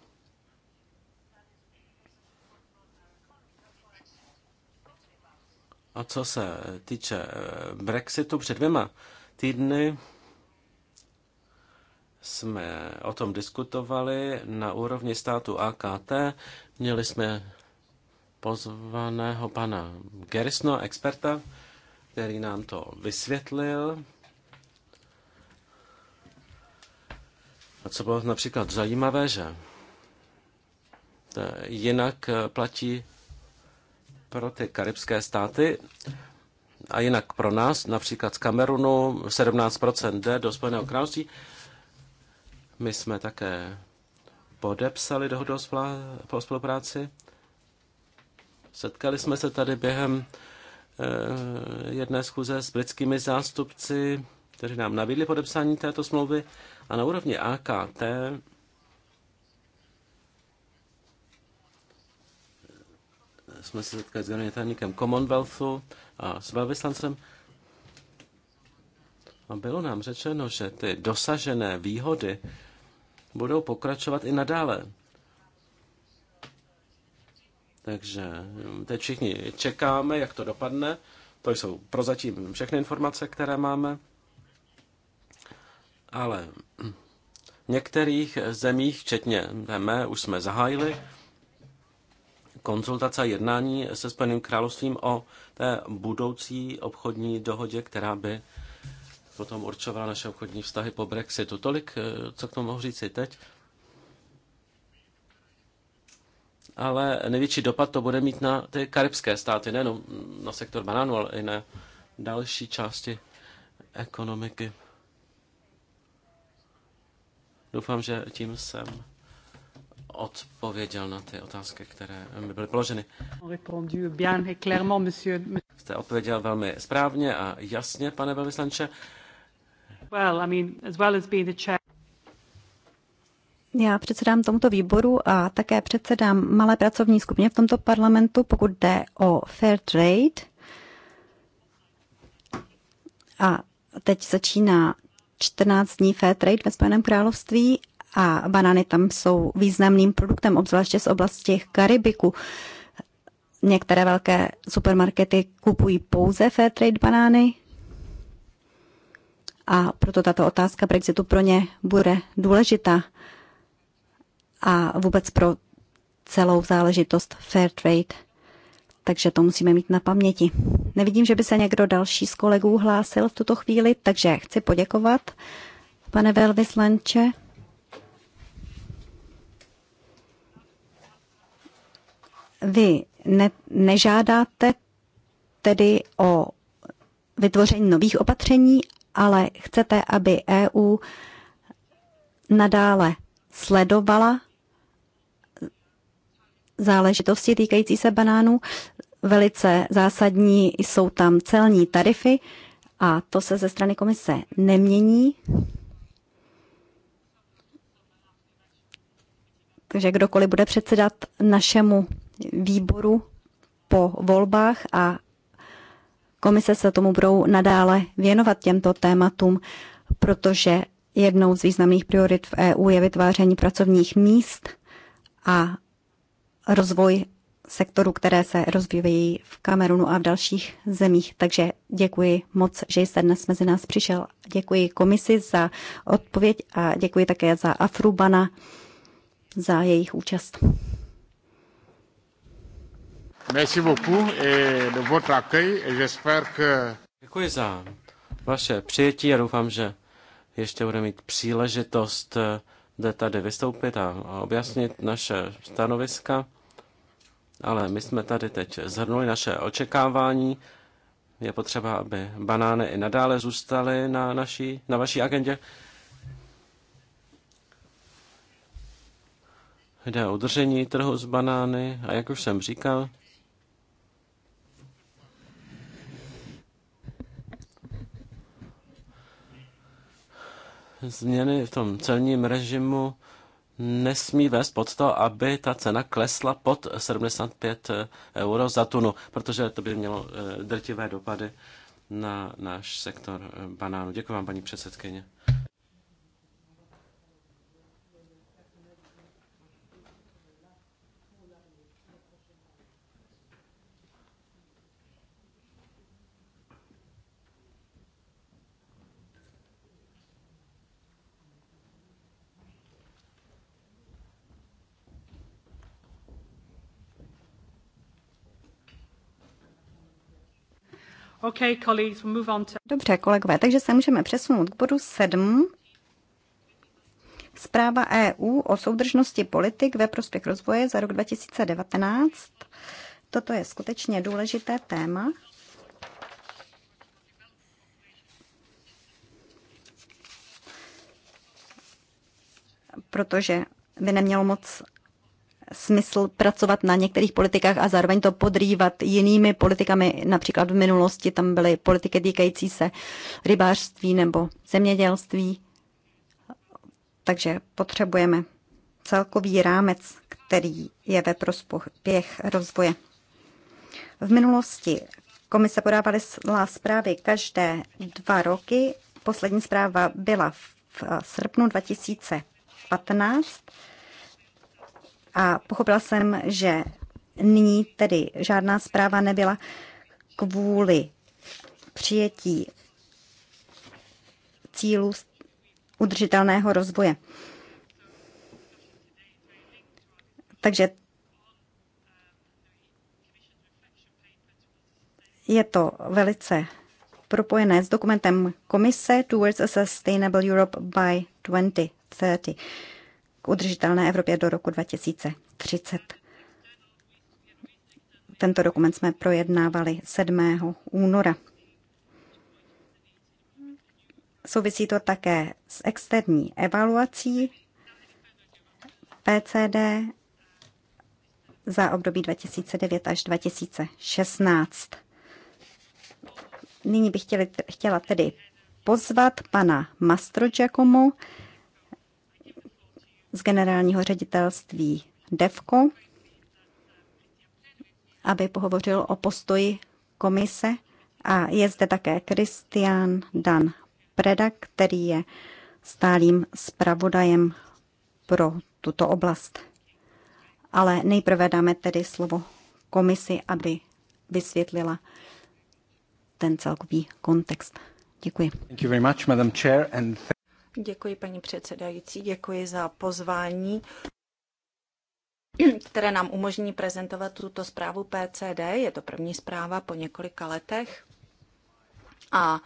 A co se týče eh, Brexitu před dvěma týdny, jsme o tom diskutovali na úrovni státu AKT. Měli jsme pozvaného pana Gerisno, experta, který nám to vysvětlil. A co bylo například zajímavé, že jinak platí pro ty karibské státy a jinak pro nás, například z Kamerunu 17% jde do Spojeného království. My jsme také podepsali dohodu o spolupráci Setkali jsme se tady během eh, jedné schůze s britskými zástupci, kteří nám nabídli podepsání této smlouvy a na úrovni AKT jsme se setkali s generálním tajemníkem Commonwealthu a s velvyslancem a bylo nám řečeno, že ty dosažené výhody budou pokračovat i nadále. Takže hm, teď všichni čekáme, jak to dopadne. To jsou prozatím všechny informace, které máme. Ale hm, v některých zemích, včetně mé, už jsme zahájili konzultace a jednání se Spojeným královstvím o té budoucí obchodní dohodě, která by potom určovala naše obchodní vztahy po Brexitu. Tolik, eh, co k tomu mohu i teď. ale největší dopad to bude mít na ty karibské státy, nejenom na sektor banánu, ale i na další části ekonomiky. Doufám, že tím jsem odpověděl na ty otázky, které mi byly položeny. Jste odpověděl velmi správně a jasně, pane velvyslanče. Well, I mean, as well as being the chair. Já předsedám tomuto výboru a také předsedám malé pracovní skupině v tomto parlamentu, pokud jde o fair trade. A teď začíná 14 dní fair trade ve Spojeném království a banány tam jsou významným produktem, obzvláště z oblasti Karibiku. Některé velké supermarkety kupují pouze fair trade banány a proto tato otázka Brexitu pro ně bude důležitá a vůbec pro celou záležitost fair trade. Takže to musíme mít na paměti. Nevidím, že by se někdo další z kolegů hlásil v tuto chvíli, takže chci poděkovat, pane velvyslanče. Vy ne, nežádáte tedy o vytvoření nových opatření, ale chcete, aby EU nadále sledovala záležitosti týkající se banánů. Velice zásadní jsou tam celní tarify a to se ze strany komise nemění. Takže kdokoliv bude předsedat našemu výboru po volbách a komise se tomu budou nadále věnovat těmto tématům, protože jednou z významných priorit v EU je vytváření pracovních míst a rozvoj sektoru, které se rozvíjejí v Kamerunu a v dalších zemích. Takže děkuji moc, že jste dnes mezi nás přišel. Děkuji komisi za odpověď a děkuji také za Afrubana za jejich účast. Merci beaucoup et eh, de votre accueil. J'espère que... Děkuji za vaše přijetí a doufám, že ještě bude mít příležitost eh, zde tady vystoupit a objasnit naše stanoviska, ale my jsme tady teď zhrnuli naše očekávání. Je potřeba, aby banány i nadále zůstaly na, naší, na vaší agendě. Jde o udržení trhu s banány a jak už jsem říkal, změny v tom celním režimu nesmí vést pod to, aby ta cena klesla pod 75 euro za tunu, protože to by mělo eh, drtivé dopady na náš sektor eh, banánu. Děkuji vám, paní předsedkyně. Dobře, kolegové, takže se můžeme přesunout k bodu 7. Zpráva EU o soudržnosti politik ve prospěch rozvoje za rok 2019. Toto je skutečně důležité téma. Protože by nemělo moc smysl pracovat na některých politikách a zároveň to podrývat jinými politikami. Například v minulosti tam byly politiky týkající se rybářství nebo zemědělství. Takže potřebujeme celkový rámec, který je ve prospěch rozvoje. V minulosti komise podávala zprávy každé dva roky. Poslední zpráva byla v srpnu 2015 a pochopila jsem, že nyní tedy žádná zpráva nebyla kvůli přijetí cílů udržitelného rozvoje. Takže je to velice propojené s dokumentem Komise Towards a Sustainable Europe by 2030 k udržitelné Evropě do roku 2030. Tento dokument jsme projednávali 7. února. Souvisí to také s externí evaluací PCD za období 2009 až 2016. Nyní bych chtěli, chtěla tedy pozvat pana Mastro Giacomo, z generálního ředitelství DEVKO, aby pohovořil o postoji komise a je zde také Kristian Dan Preda, který je stálým zpravodajem pro tuto oblast. Ale nejprve dáme tedy slovo komisi, aby vysvětlila ten celkový kontext. Děkuji. Thank you very much, Madam Chair, and Děkuji, paní předsedající, děkuji za pozvání které nám umožní prezentovat tuto zprávu PCD. Je to první zpráva po několika letech. A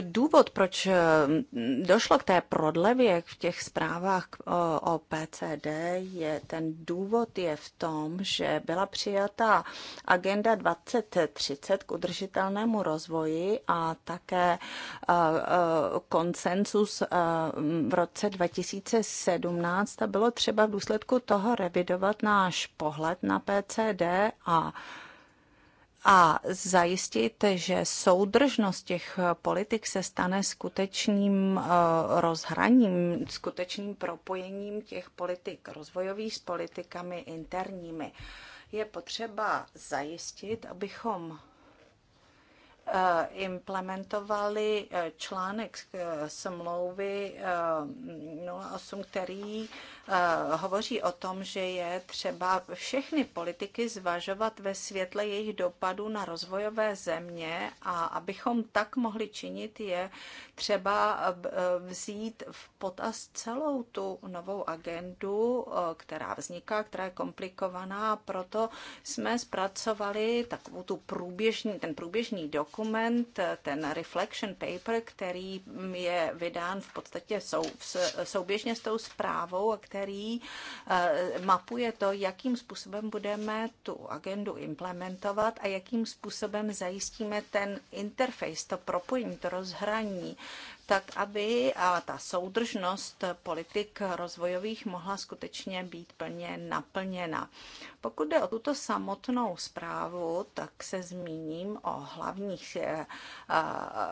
důvod, proč eh, došlo k té prodlevě v těch zprávách o PCD, je ten důvod je v tom, že byla přijata agenda 2030 k udržitelnému rozvoji a také eh, eh, konsensus v roce 2017 a bylo třeba v důsledku toho revidovat náš pohled na PCD a a zajistit, že soudržnost těch politik se stane skutečným eh, rozhraním, skutečným propojením těch politik rozvojových s politikami interními. Je potřeba zajistit, abychom Eh, implementovali eh, článek eh, smlouvy 08, který hovoří o tom, že je třeba všechny politiky zvažovat ve světle jejich dopadů na rozvojové země a abychom tak mohli činit, je třeba vzít v potaz celou tu novou agendu, která vzniká, která je komplikovaná, proto jsme zpracovali takovou tu průběžný, ten průběžný dokument, dokument, ten reflection paper, který je vydán v podstatě sou, souběžně s tou zprávou, který eh, mapuje to, jakým způsobem budeme tu agendu implementovat a jakým způsobem zajistíme ten interface, to propojení, to rozhraní tak aby a ta soudržnost politik rozvojových mohla skutečně být plně naplněna. Pokud jde o tuto samotnou zprávu, tak se zmíním o hlavních, eh, eh,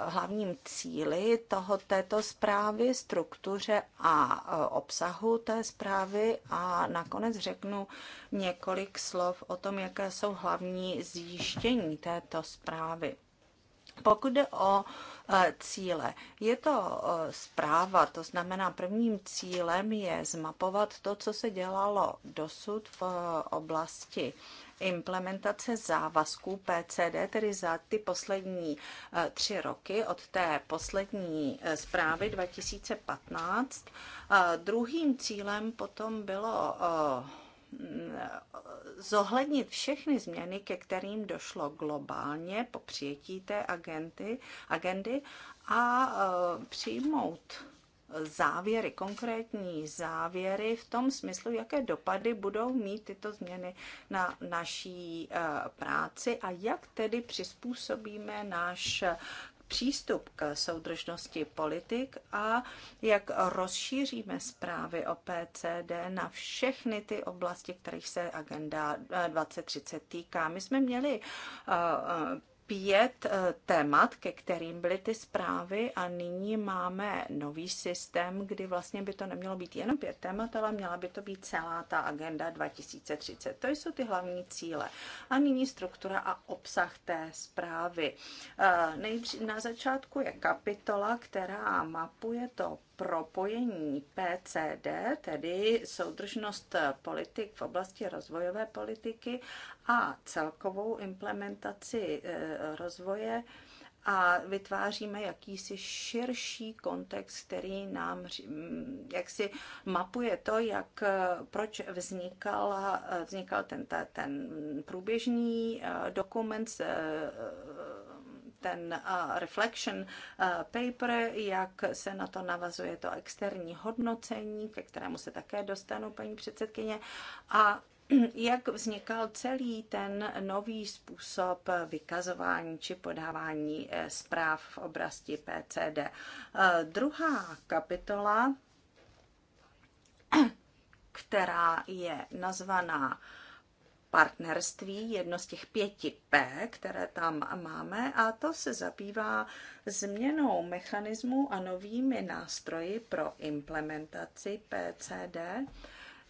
hlavním cíli toho, této zprávy, struktuře a eh, obsahu té zprávy a nakonec řeknu několik slov o tom, jaké jsou hlavní zjištění této zprávy. Pokud jde o cíle. Je to zpráva, to znamená prvním cílem je zmapovat to, co se dělalo dosud v oblasti implementace závazků PCD, tedy za ty poslední e, tři roky od té poslední e, zprávy 2015. Druhým cílem potom bylo zohlednit všechny změny, ke kterým došlo globálně po přijetí té agenty, agendy a e, přijmout závěry, konkrétní závěry v tom smyslu, jaké dopady budou mít tyto změny na naší e, práci a jak tedy přizpůsobíme náš přístup k soudržnosti politik a jak rozšíříme zprávy o PCD na všechny ty oblasti, kterých se agenda 2030 týká. My jsme měli eh, eh, pět eh, témat, ke kterým byly ty zprávy a nyní máme nový systém, kdy vlastně by to nemělo být jenom pět témat, ale měla by to být celá ta agenda 2030. To jsou ty hlavní cíle. A nyní struktura a obsah té zprávy. Eh, na začátku je kapitola, která mapuje to propojení PCD, tedy soudržnost politik v oblasti rozvojové politiky a celkovou implementaci eh, rozvoje a vytváříme jakýsi širší kontext, který nám jak si mapuje to, jak, eh, proč vznikal, eh, vznikal ten, ten průběžný dokument ten reflection paper, jak se na to navazuje to externí hodnocení, ke kterému se také dostanu, paní předsedkyně, a jak vznikal celý ten nový způsob vykazování či podávání e, zpráv v oblasti PCD. E, druhá kapitola, která je nazvaná partnerství, jedno z těch pěti P, které tam máme, a to se zabývá změnou mechanismu a novými nástroji pro implementaci PCD.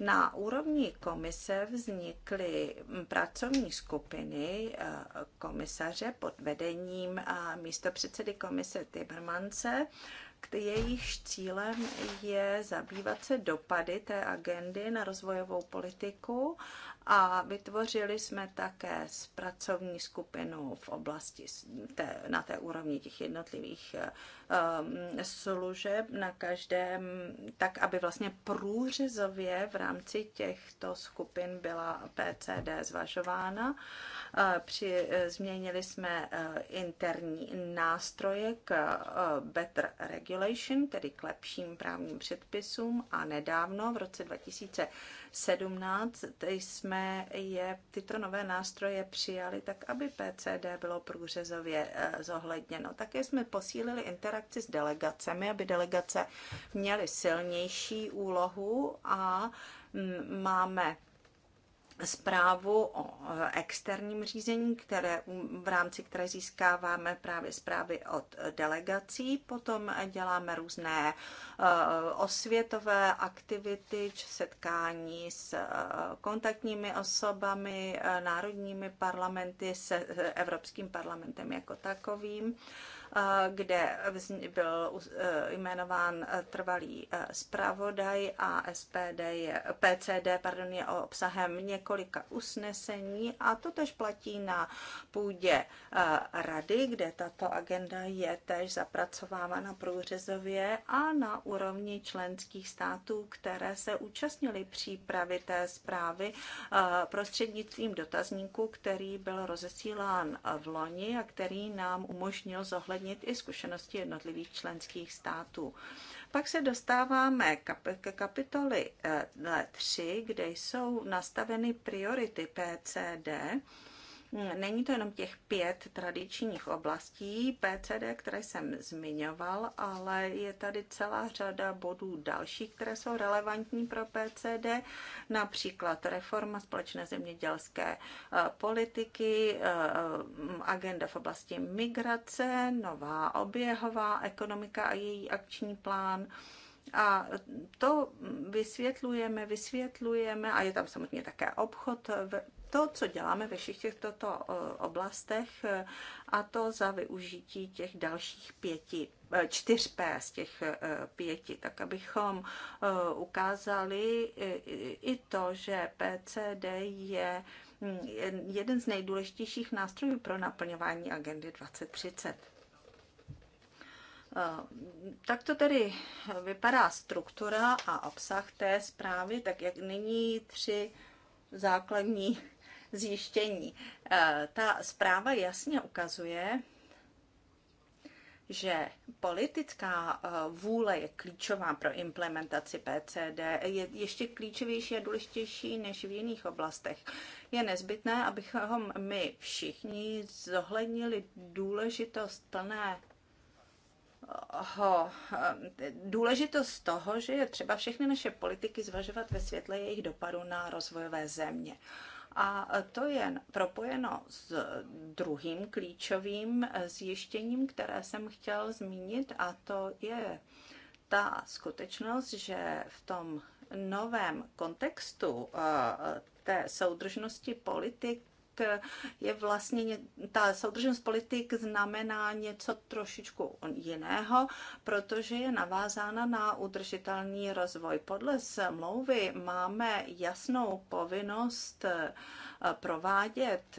Na úrovni komise vznikly pracovní skupiny eh, komisaře pod vedením eh, místopředsedy komise Timmermance, jejichž cílem je zabývat se dopady té agendy na rozvojovou politiku a vytvořili jsme také pracovní skupinu v oblasti té, na té úrovni těch jednotlivých um, služeb na každém, tak aby vlastně průřezově v rámci těchto skupin byla PCD zvažována. Eh, při, změnili jsme interní nástroje k Better Regulation, tedy k lepším právním předpisům a nedávno v roce 2000 17 jsme je, tyto nové nástroje přijali tak, aby PCD bylo průřezově eh, zohledněno. Také jsme posílili interakci s delegacemi, aby delegace měly silnější úlohu a mm, máme zprávu o eh, externím řízení, které, v rámci které získáváme právě zprávy od eh, delegací. Potom eh, děláme různé osvětové aktivity, setkání s kontaktními osobami, národními parlamenty, se Evropským parlamentem jako takovým kde byl eh, jmenován eh, trvalý eh, zpravodaj a SPD je, PCD pardon, je obsahem několika usnesení a to tež platí na půdě rady, kde tato agenda je tež zapracovávána průřezově a na úrovni členských států, které se účastnily přípravy té zprávy prostřednictvím dotazníku, který byl rozesílán v loni a který nám umožnil zohlednit zohlednit i zkušenosti jednotlivých členských států. Pak se dostáváme ke kapitoly 3, eh, kde jsou nastaveny priority PCD Hmm, není to jenom těch pět tradičních oblastí PCD, které jsem zmiňoval, ale je tady celá řada bodů dalších, které jsou relevantní pro PCD, například reforma společné zemědělské eh, politiky, eh, mm, agenda v oblasti migrace, nová oběhová ekonomika a její akční plán. A to vysvětlujeme, vysvětlujeme, a je tam samozřejmě také obchod to, co děláme ve všech těchto eh, oblastech, eh, a to za využití těch dalších pěti eh, čtyř P z těch pěti, tak abychom ukázali i to, že PCD mm, je jeden z nejdůležitějších nástrojů pro naplňování agendy 2030. Tak to tedy vypadá struktura a obsah té zprávy, tak jak nyní tři základní zjištění. Eh, ta zpráva jasně ukazuje, že politická eh, vůle je klíčová pro implementaci PCD, je ještě klíčovější a důležitější než v jiných oblastech. Je nezbytné, abychom my všichni zohlednili důležitost plné eh, důležitost toho, že je třeba všechny naše politiky zvažovat ve světle jejich dopadu na rozvojové země. A to je propojeno s druhým klíčovým zjištěním, které jsem chtěl zmínit, a to je ta skutečnost, že v tom novém kontextu eh, té soudržnosti politik je vlastně, ta soudržnost politik znamená něco trošičku jiného, protože je navázána na udržitelný rozvoj. Podle smlouvy máme jasnou povinnost eh, provádět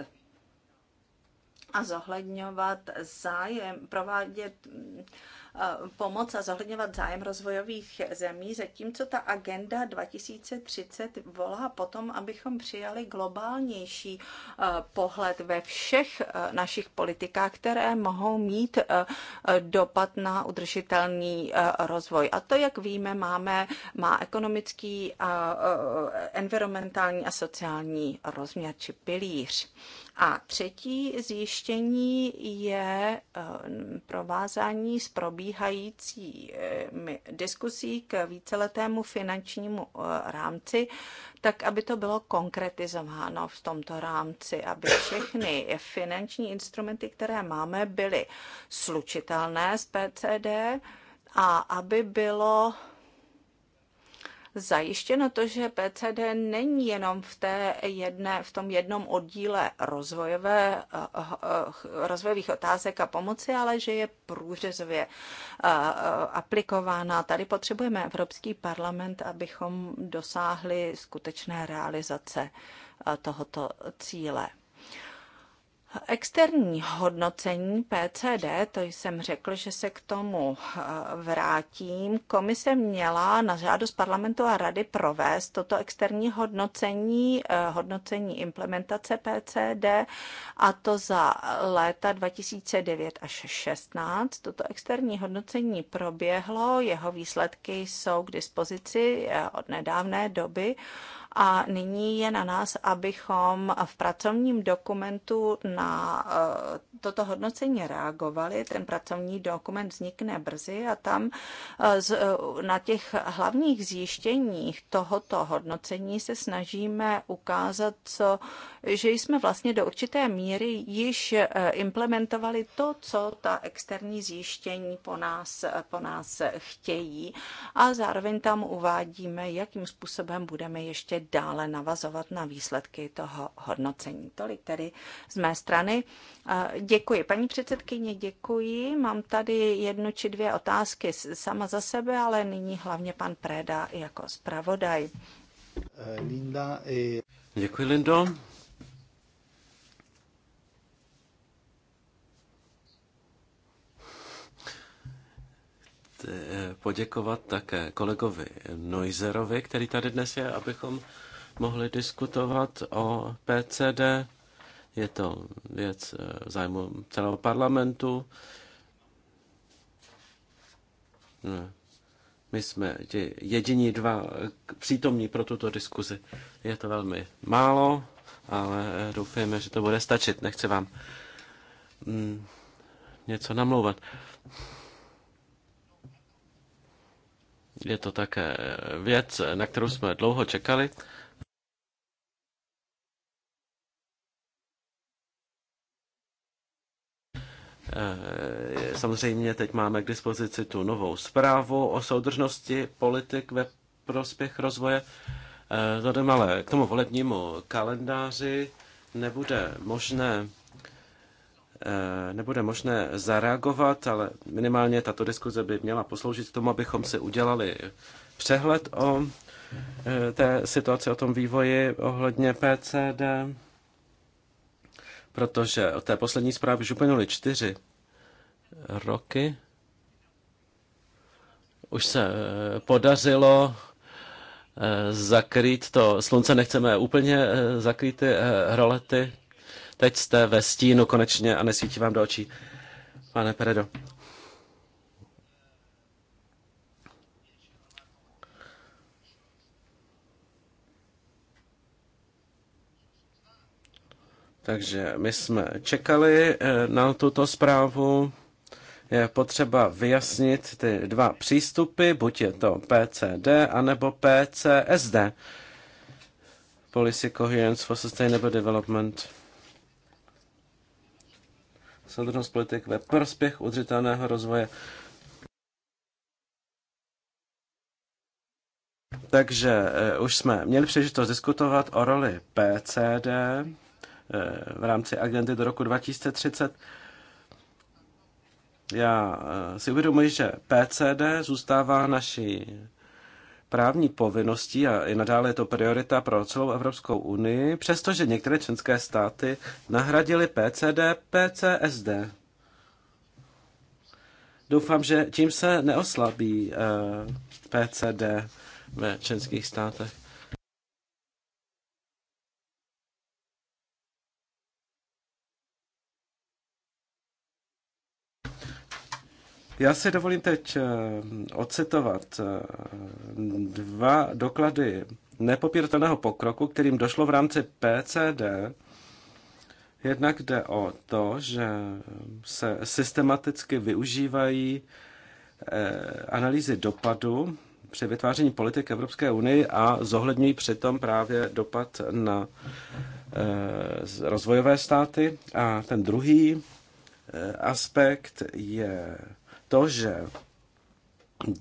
a zohledňovat zájem, provádět Eh, pomoc a zohledňovat zájem rozvojových zemí, zatímco ta agenda 2030 volá potom, abychom přijali globálnější eh, pohled ve všech eh, našich politikách, které mohou mít dopad na udržitelný rozvoj. A to, jak víme, máme, má ekonomický, environmentální a sociální rozměr či pilíř. A třetí zjištění je eh, provázání s probíhající diskusí k víceletému finančnímu eh, rámci, tak aby to bylo konkretizováno v tomto rámci, aby všechny finanční instrumenty, které máme, byly slučitelné s PCD a aby bylo zajištěno to, že PCD není jenom v, té jedné, v tom jednom oddíle rozvojové, eh, eh, rozvojových otázek a pomoci, ale že je průřezově eh, aplikována. Tady potřebujeme Evropský parlament, abychom dosáhli skutečné realizace tohoto cíle. Externí hodnocení PCD, to jsem řekl, že se k tomu eh, vrátím. Komise měla na žádost parlamentu a rady provést toto externí hodnocení, eh, hodnocení implementace PCD a to za léta 2009 až 2016. Toto externí hodnocení proběhlo, jeho výsledky jsou k dispozici eh, od nedávné doby a nyní je na nás, abychom v pracovním dokumentu na eh, toto hodnocení reagovali. Ten pracovní dokument vznikne brzy a tam eh, eh, na těch hlavních zjištěních tohoto hodnocení se snažíme ukázat, co, že jsme vlastně do určité míry již implementovali to, co ta externí zjištění po nás, po nás chtějí a zároveň tam uvádíme, jakým způsobem budeme ještě dále navazovat na výsledky toho hodnocení. Tolik tedy z mé strany. Děkuji. Paní předsedkyně, děkuji. Mám tady jednu či dvě otázky sama za sebe, ale nyní hlavně pan Preda jako zpravodaj. Eh, Linda. Eh, děkuji, Lindo. poděkovat také kolegovi Noizerovi, který tady dnes je, abychom mohli diskutovat o PCD. Je to věc eh, zájmu celého parlamentu. No, my jsme jediní dva přítomní pro tuto diskuzi. Je to velmi málo, ale eh, doufejme, že to bude stačit. Nechci vám mm, něco namlouvat. Je to také věc, na kterou jsme dlouho čekali. Eh, samozřejmě teď máme k dispozici tu novou zprávu o soudržnosti politik ve prospěch rozvoje. Eh, Zadem ale k tomu volebnímu kalendáři nebude možné Eh, nebude možné zareagovat, ale minimálně tato diskuze by měla posloužit k tomu, abychom si udělali přehled o eh, té situaci, o tom vývoji ohledně PCD, protože od té poslední zprávy už uplynuly čtyři roky. Už se eh, podařilo zakrýt to, slunce nechceme úplně zakrýt ty rolety, Teď jste ve stínu konečně a nesvítí vám do očí. Pane Peredo. Takže my jsme čekali eh, na tuto zprávu. Je potřeba vyjasnit ty dva přístupy, buď je to PCD, anebo PCSD. Policy Coherence for Sustainable Development soudržnost politik ve prospěch udržitelného rozvoje. Takže eh, už jsme měli příležitost diskutovat o roli PCD eh, v rámci agendy do roku 2030. Já eh, si uvědomuji, že PCD zůstává naší právní povinností a i nadále je to priorita pro celou Evropskou unii, přestože některé členské státy nahradily PCD PCSD. Doufám, že tím se neoslabí eh, PCD ve členských státech. Já si dovolím teď eh, ocitovat eh, dva doklady nepopíratelného pokroku, kterým došlo v rámci PCD. Jednak jde o to, že se systematicky využívají eh, analýzy dopadu při vytváření politik Evropské unie a zohledňují přitom právě dopad na rozvojové státy. A ten druhý aspekt je to, že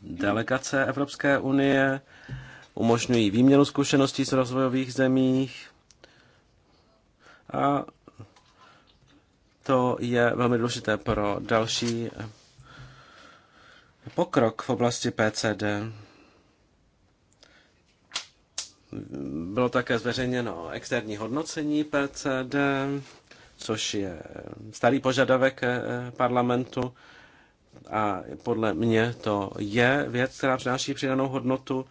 delegace Evropské unie umožňují výměnu zkušeností z rozvojových zemích a to je velmi důležité pro další pokrok v oblasti PCD. Bylo také zveřejněno externí hodnocení PCD, což je starý požadavek eh, parlamentu a podle mě to je věc, která přináší přidanou hodnotu.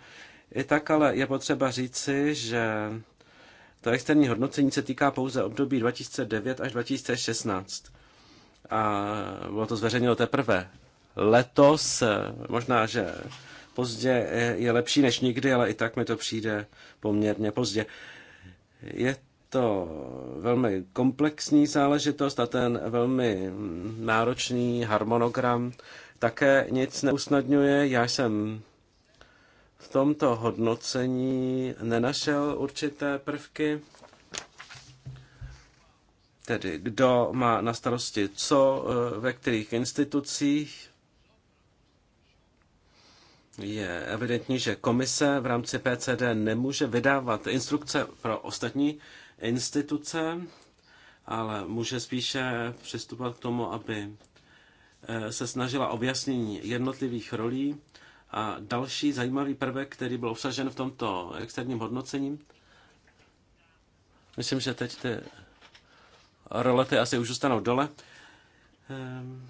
I tak ale je potřeba říci, že to externí hodnocení se týká pouze období 2009 až 2016. A bylo to zveřejněno teprve letos, možná, že pozdě je lepší než nikdy, ale i tak mi to přijde poměrně pozdě. Je to velmi komplexní záležitost a ten velmi náročný harmonogram také nic neusnadňuje. Já jsem v tomto hodnocení nenašel určité prvky, tedy kdo má na starosti co, eh, ve kterých institucích. Je evidentní, že komise v rámci PCD nemůže vydávat instrukce pro ostatní instituce, ale může spíše přistupovat k tomu, aby eh, se snažila objasnění jednotlivých rolí. A další zajímavý prvek, který byl obsažen v tomto externím hodnocení, myslím, že teď ty role ty asi už zůstanou dole, eh,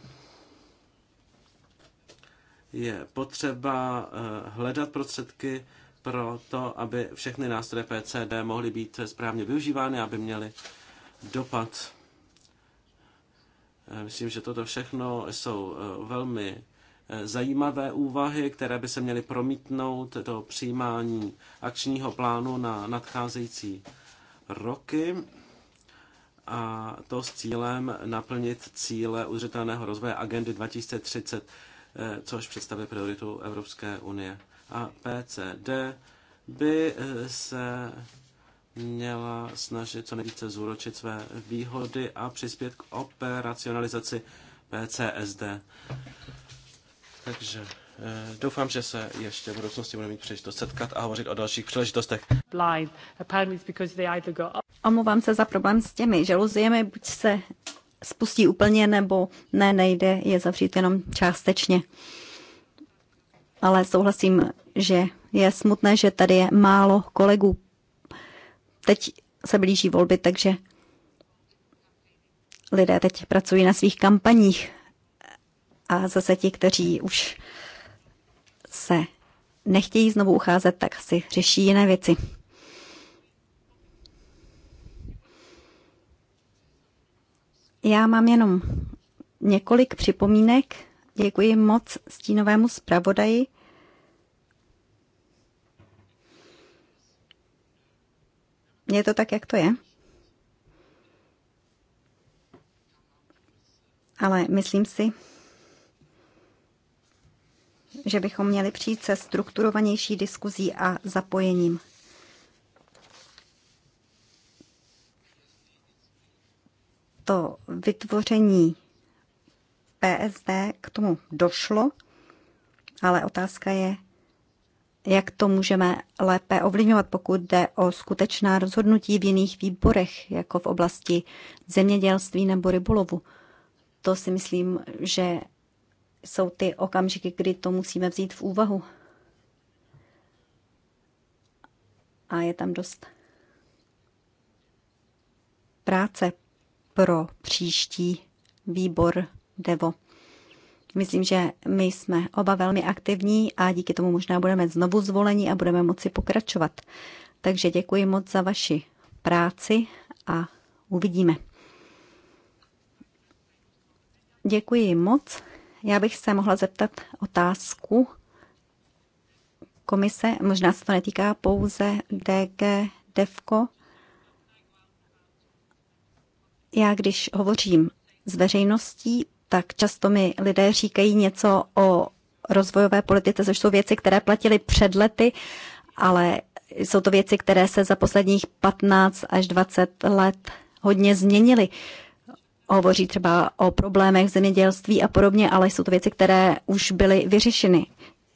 je potřeba eh, hledat prostředky pro to, aby všechny nástroje PCD mohly být správně využívány, aby měly dopad. Eh, myslím, že toto všechno jsou eh, velmi eh, zajímavé úvahy, které by se měly promítnout do přijímání akčního plánu na nadcházející roky a to s cílem naplnit cíle udržitelného rozvoje agendy 2030, což představuje prioritu Evropské unie a PCD by eh, se měla snažit co nejvíce zúročit své výhody a přispět k operacionalizaci PCSD. Takže eh, doufám, že se ještě v budoucnosti budeme mít příležitost setkat a hovořit o dalších příležitostech. Omlouvám se za problém s těmi žaluziemi, buď se spustí úplně, nebo ne, nejde je zavřít jenom částečně. Ale souhlasím že je smutné, že tady je málo kolegů. Teď se blíží volby, takže lidé teď pracují na svých kampaních a zase ti, kteří už se nechtějí znovu ucházet, tak si řeší jiné věci. Já mám jenom několik připomínek. Děkuji moc stínovému zpravodaji Je to tak, jak to je? Ale myslím si, že bychom měli přijít se strukturovanější diskuzí a zapojením. To vytvoření PSD k tomu došlo, ale otázka je, jak to můžeme lépe ovlivňovat, pokud jde o skutečná rozhodnutí v jiných výborech, jako v oblasti zemědělství nebo rybolovu. To si myslím, že jsou ty okamžiky, kdy to musíme vzít v úvahu. A je tam dost práce pro příští výbor DEVO. Myslím, že my jsme oba velmi aktivní a díky tomu možná budeme znovu zvoleni a budeme moci pokračovat. Takže děkuji moc za vaši práci a uvidíme. Děkuji moc. Já bych se mohla zeptat otázku komise. Možná se to netýká pouze DG DEVKO. Já když hovořím s veřejností, tak často mi lidé říkají něco o rozvojové politice, což jsou věci, které platily před lety, ale jsou to věci, které se za posledních 15 až 20 let hodně změnily. Hovoří třeba o problémech v zemědělství a podobně, ale jsou to věci, které už byly vyřešeny.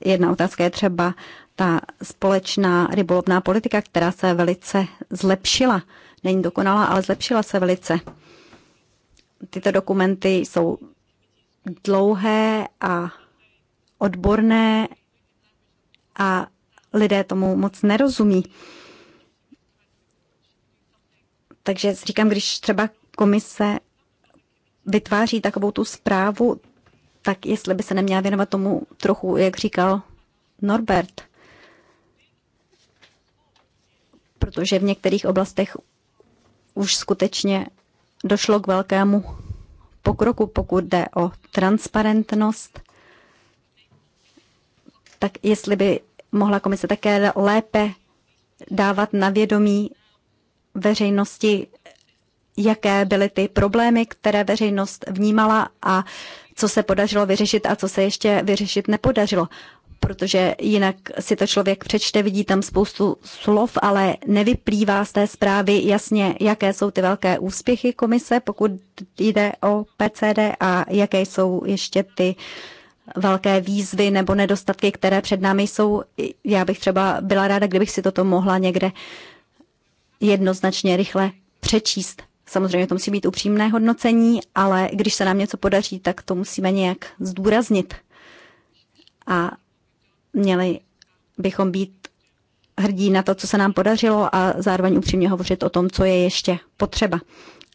Jedna otázka je třeba ta společná rybolovná politika, která se velice zlepšila. Není dokonalá, ale zlepšila se velice. Tyto dokumenty jsou dlouhé a odborné a lidé tomu moc nerozumí. Takže říkám, když třeba komise vytváří takovou tu zprávu, tak jestli by se neměla věnovat tomu trochu, jak říkal Norbert. Protože v některých oblastech už skutečně došlo k velkému pokroku, pokud jde o transparentnost, tak jestli by mohla komise také lépe dávat na vědomí veřejnosti, jaké byly ty problémy, které veřejnost vnímala a co se podařilo vyřešit a co se ještě vyřešit nepodařilo protože jinak si to člověk přečte, vidí tam spoustu slov, ale nevyplývá z té zprávy jasně, jaké jsou ty velké úspěchy komise, pokud jde o PCD a jaké jsou ještě ty velké výzvy nebo nedostatky, které před námi jsou. Já bych třeba byla ráda, kdybych si toto mohla někde jednoznačně rychle přečíst. Samozřejmě to musí být upřímné hodnocení, ale když se nám něco podaří, tak to musíme nějak zdůraznit. A Měli bychom být hrdí na to, co se nám podařilo a zároveň upřímně hovořit o tom, co je ještě potřeba.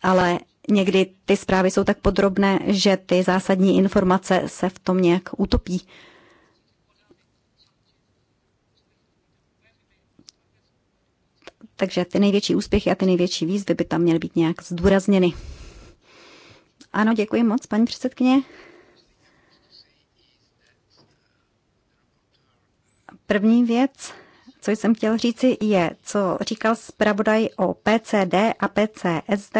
Ale někdy ty zprávy jsou tak podrobné, že ty zásadní informace se v tom nějak utopí. Takže ty největší úspěchy a ty největší výzvy by tam měly být nějak zdůrazněny. Ano, děkuji moc, paní předsedkyně. První věc, co jsem chtěl říci, je, co říkal zpravodaj o PCD a PCSD,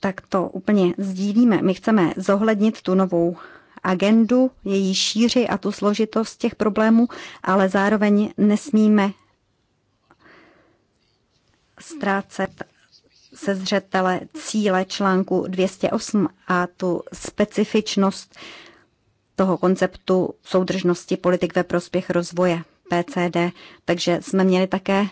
tak to úplně sdílíme. My chceme zohlednit tu novou agendu, její šíři a tu složitost těch problémů, ale zároveň nesmíme ztrácet se zřetele cíle článku 208 a tu specifičnost toho konceptu soudržnosti politik ve prospěch rozvoje PCD. Takže jsme měli také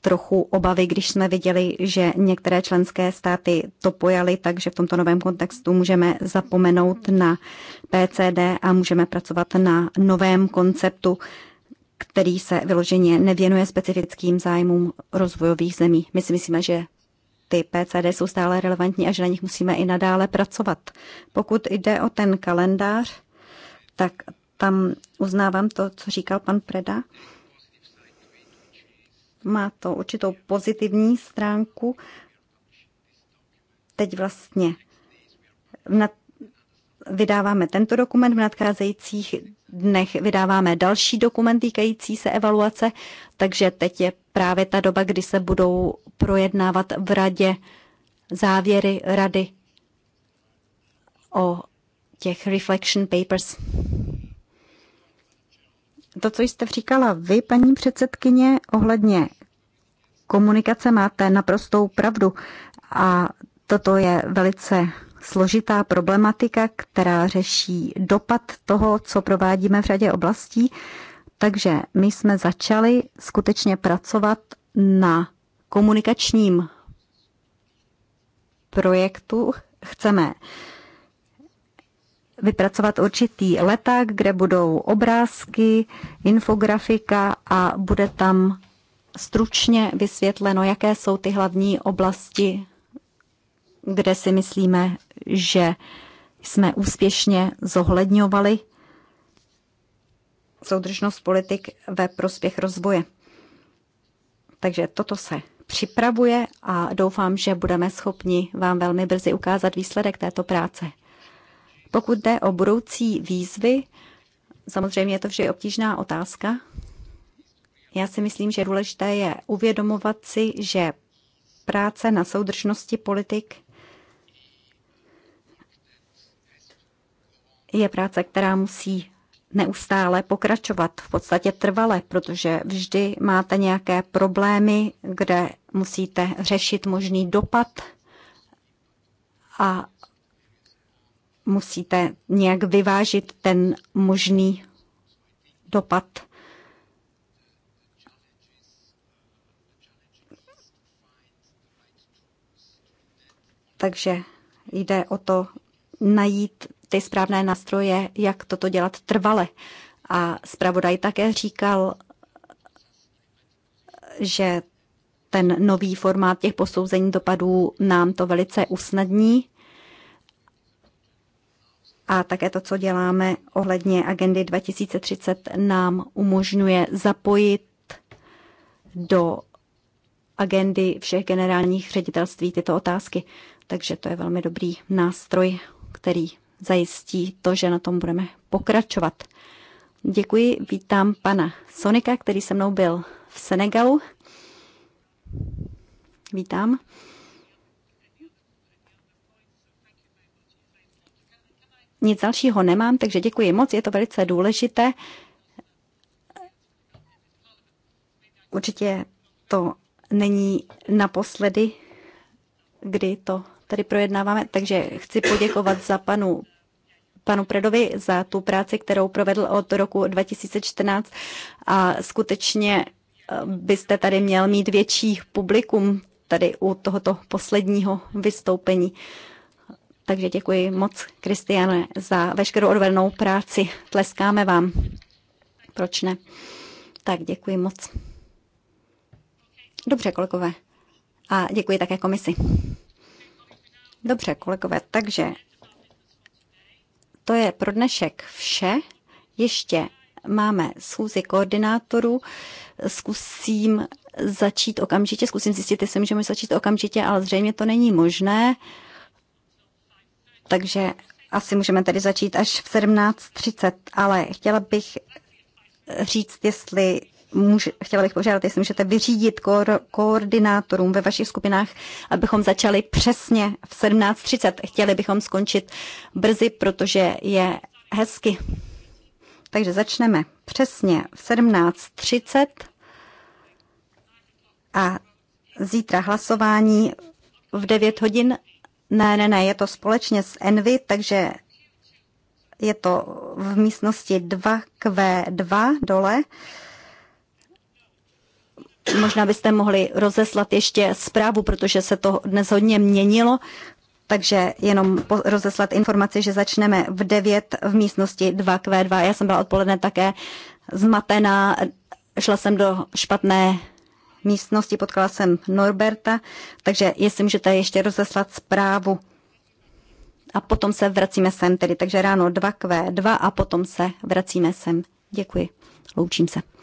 trochu obavy, když jsme viděli, že některé členské státy to pojaly, takže v tomto novém kontextu můžeme zapomenout na PCD a můžeme pracovat na novém konceptu, který se vyloženě nevěnuje specifickým zájmům rozvojových zemí. My si myslíme, že ty PCD jsou stále relevantní a že na nich musíme i nadále pracovat. Pokud jde o ten kalendář, tak tam uznávám to, co říkal pan Preda. Má to určitou pozitivní stránku. Teď vlastně vydáváme tento dokument, v nadcházejících dnech vydáváme další dokument týkající se evaluace, takže teď je právě ta doba, kdy se budou projednávat v radě závěry rady o těch reflection papers. To, co jste říkala vy, paní předsedkyně, ohledně komunikace, máte naprostou pravdu. A toto je velice složitá problematika, která řeší dopad toho, co provádíme v řadě oblastí. Takže my jsme začali skutečně pracovat na komunikačním projektu. Chceme vypracovat určitý leták, kde budou obrázky, infografika a bude tam stručně vysvětleno, jaké jsou ty hlavní oblasti, kde si myslíme, že jsme úspěšně zohledňovali soudržnost politik ve prospěch rozvoje. Takže toto se připravuje a doufám, že budeme schopni vám velmi brzy ukázat výsledek této práce. Pokud jde o budoucí výzvy, samozřejmě je to vždy obtížná otázka. Já si myslím, že důležité je uvědomovat si, že práce na soudržnosti politik je práce, která musí neustále pokračovat, v podstatě trvale, protože vždy máte nějaké problémy, kde musíte řešit možný dopad a musíte nějak vyvážit ten možný dopad. Takže jde o to najít ty správné nástroje, jak toto dělat trvale. A zpravodaj také říkal, že ten nový formát těch posouzení dopadů nám to velice usnadní a také to, co děláme ohledně agendy 2030, nám umožňuje zapojit do agendy všech generálních ředitelství tyto otázky. Takže to je velmi dobrý nástroj, který zajistí to, že na tom budeme pokračovat. Děkuji, vítám pana Sonika, který se mnou byl v Senegalu. Vítám. Nic dalšího nemám, takže děkuji moc, je to velice důležité. Určitě to není naposledy, kdy to tady projednáváme, takže chci poděkovat za panu panu Predovi za tu práci, kterou provedl od roku 2014 a skutečně eh, byste tady měl mít větší publikum tady u tohoto posledního vystoupení. Takže děkuji moc, Kristiane, za veškerou odvednou práci. Tleskáme vám. Proč ne? Tak děkuji moc. Dobře, kolegové. A děkuji také komisi. Dobře, kolegové, takže to je pro dnešek vše. Ještě máme schůzi koordinátorů. Zkusím začít okamžitě, zkusím zjistit, jestli můžeme začít okamžitě, ale zřejmě to není možné takže asi můžeme tady začít až v 17.30, ale chtěla bych říct, jestli můž, chtěla bych požádat, jestli můžete vyřídit ko- koordinátorům ve vašich skupinách, abychom začali přesně v 17.30. Chtěli bychom skončit brzy, protože je hezky. Takže začneme přesně v 17.30 a zítra hlasování v 9 hodin ne, ne, ne, je to společně s Envy, takže je to v místnosti 2Q2 dole. Možná byste mohli rozeslat ještě zprávu, protože se to dnes hodně měnilo, takže jenom rozeslat informaci, že začneme v 9 v místnosti 2Q2. Já jsem byla odpoledne také zmatená, šla jsem do špatné místnosti, potkala jsem Norberta, takže jestli můžete ještě rozeslat zprávu a potom se vracíme sem, tedy takže ráno 2Q2 a potom se vracíme sem. Děkuji, loučím se.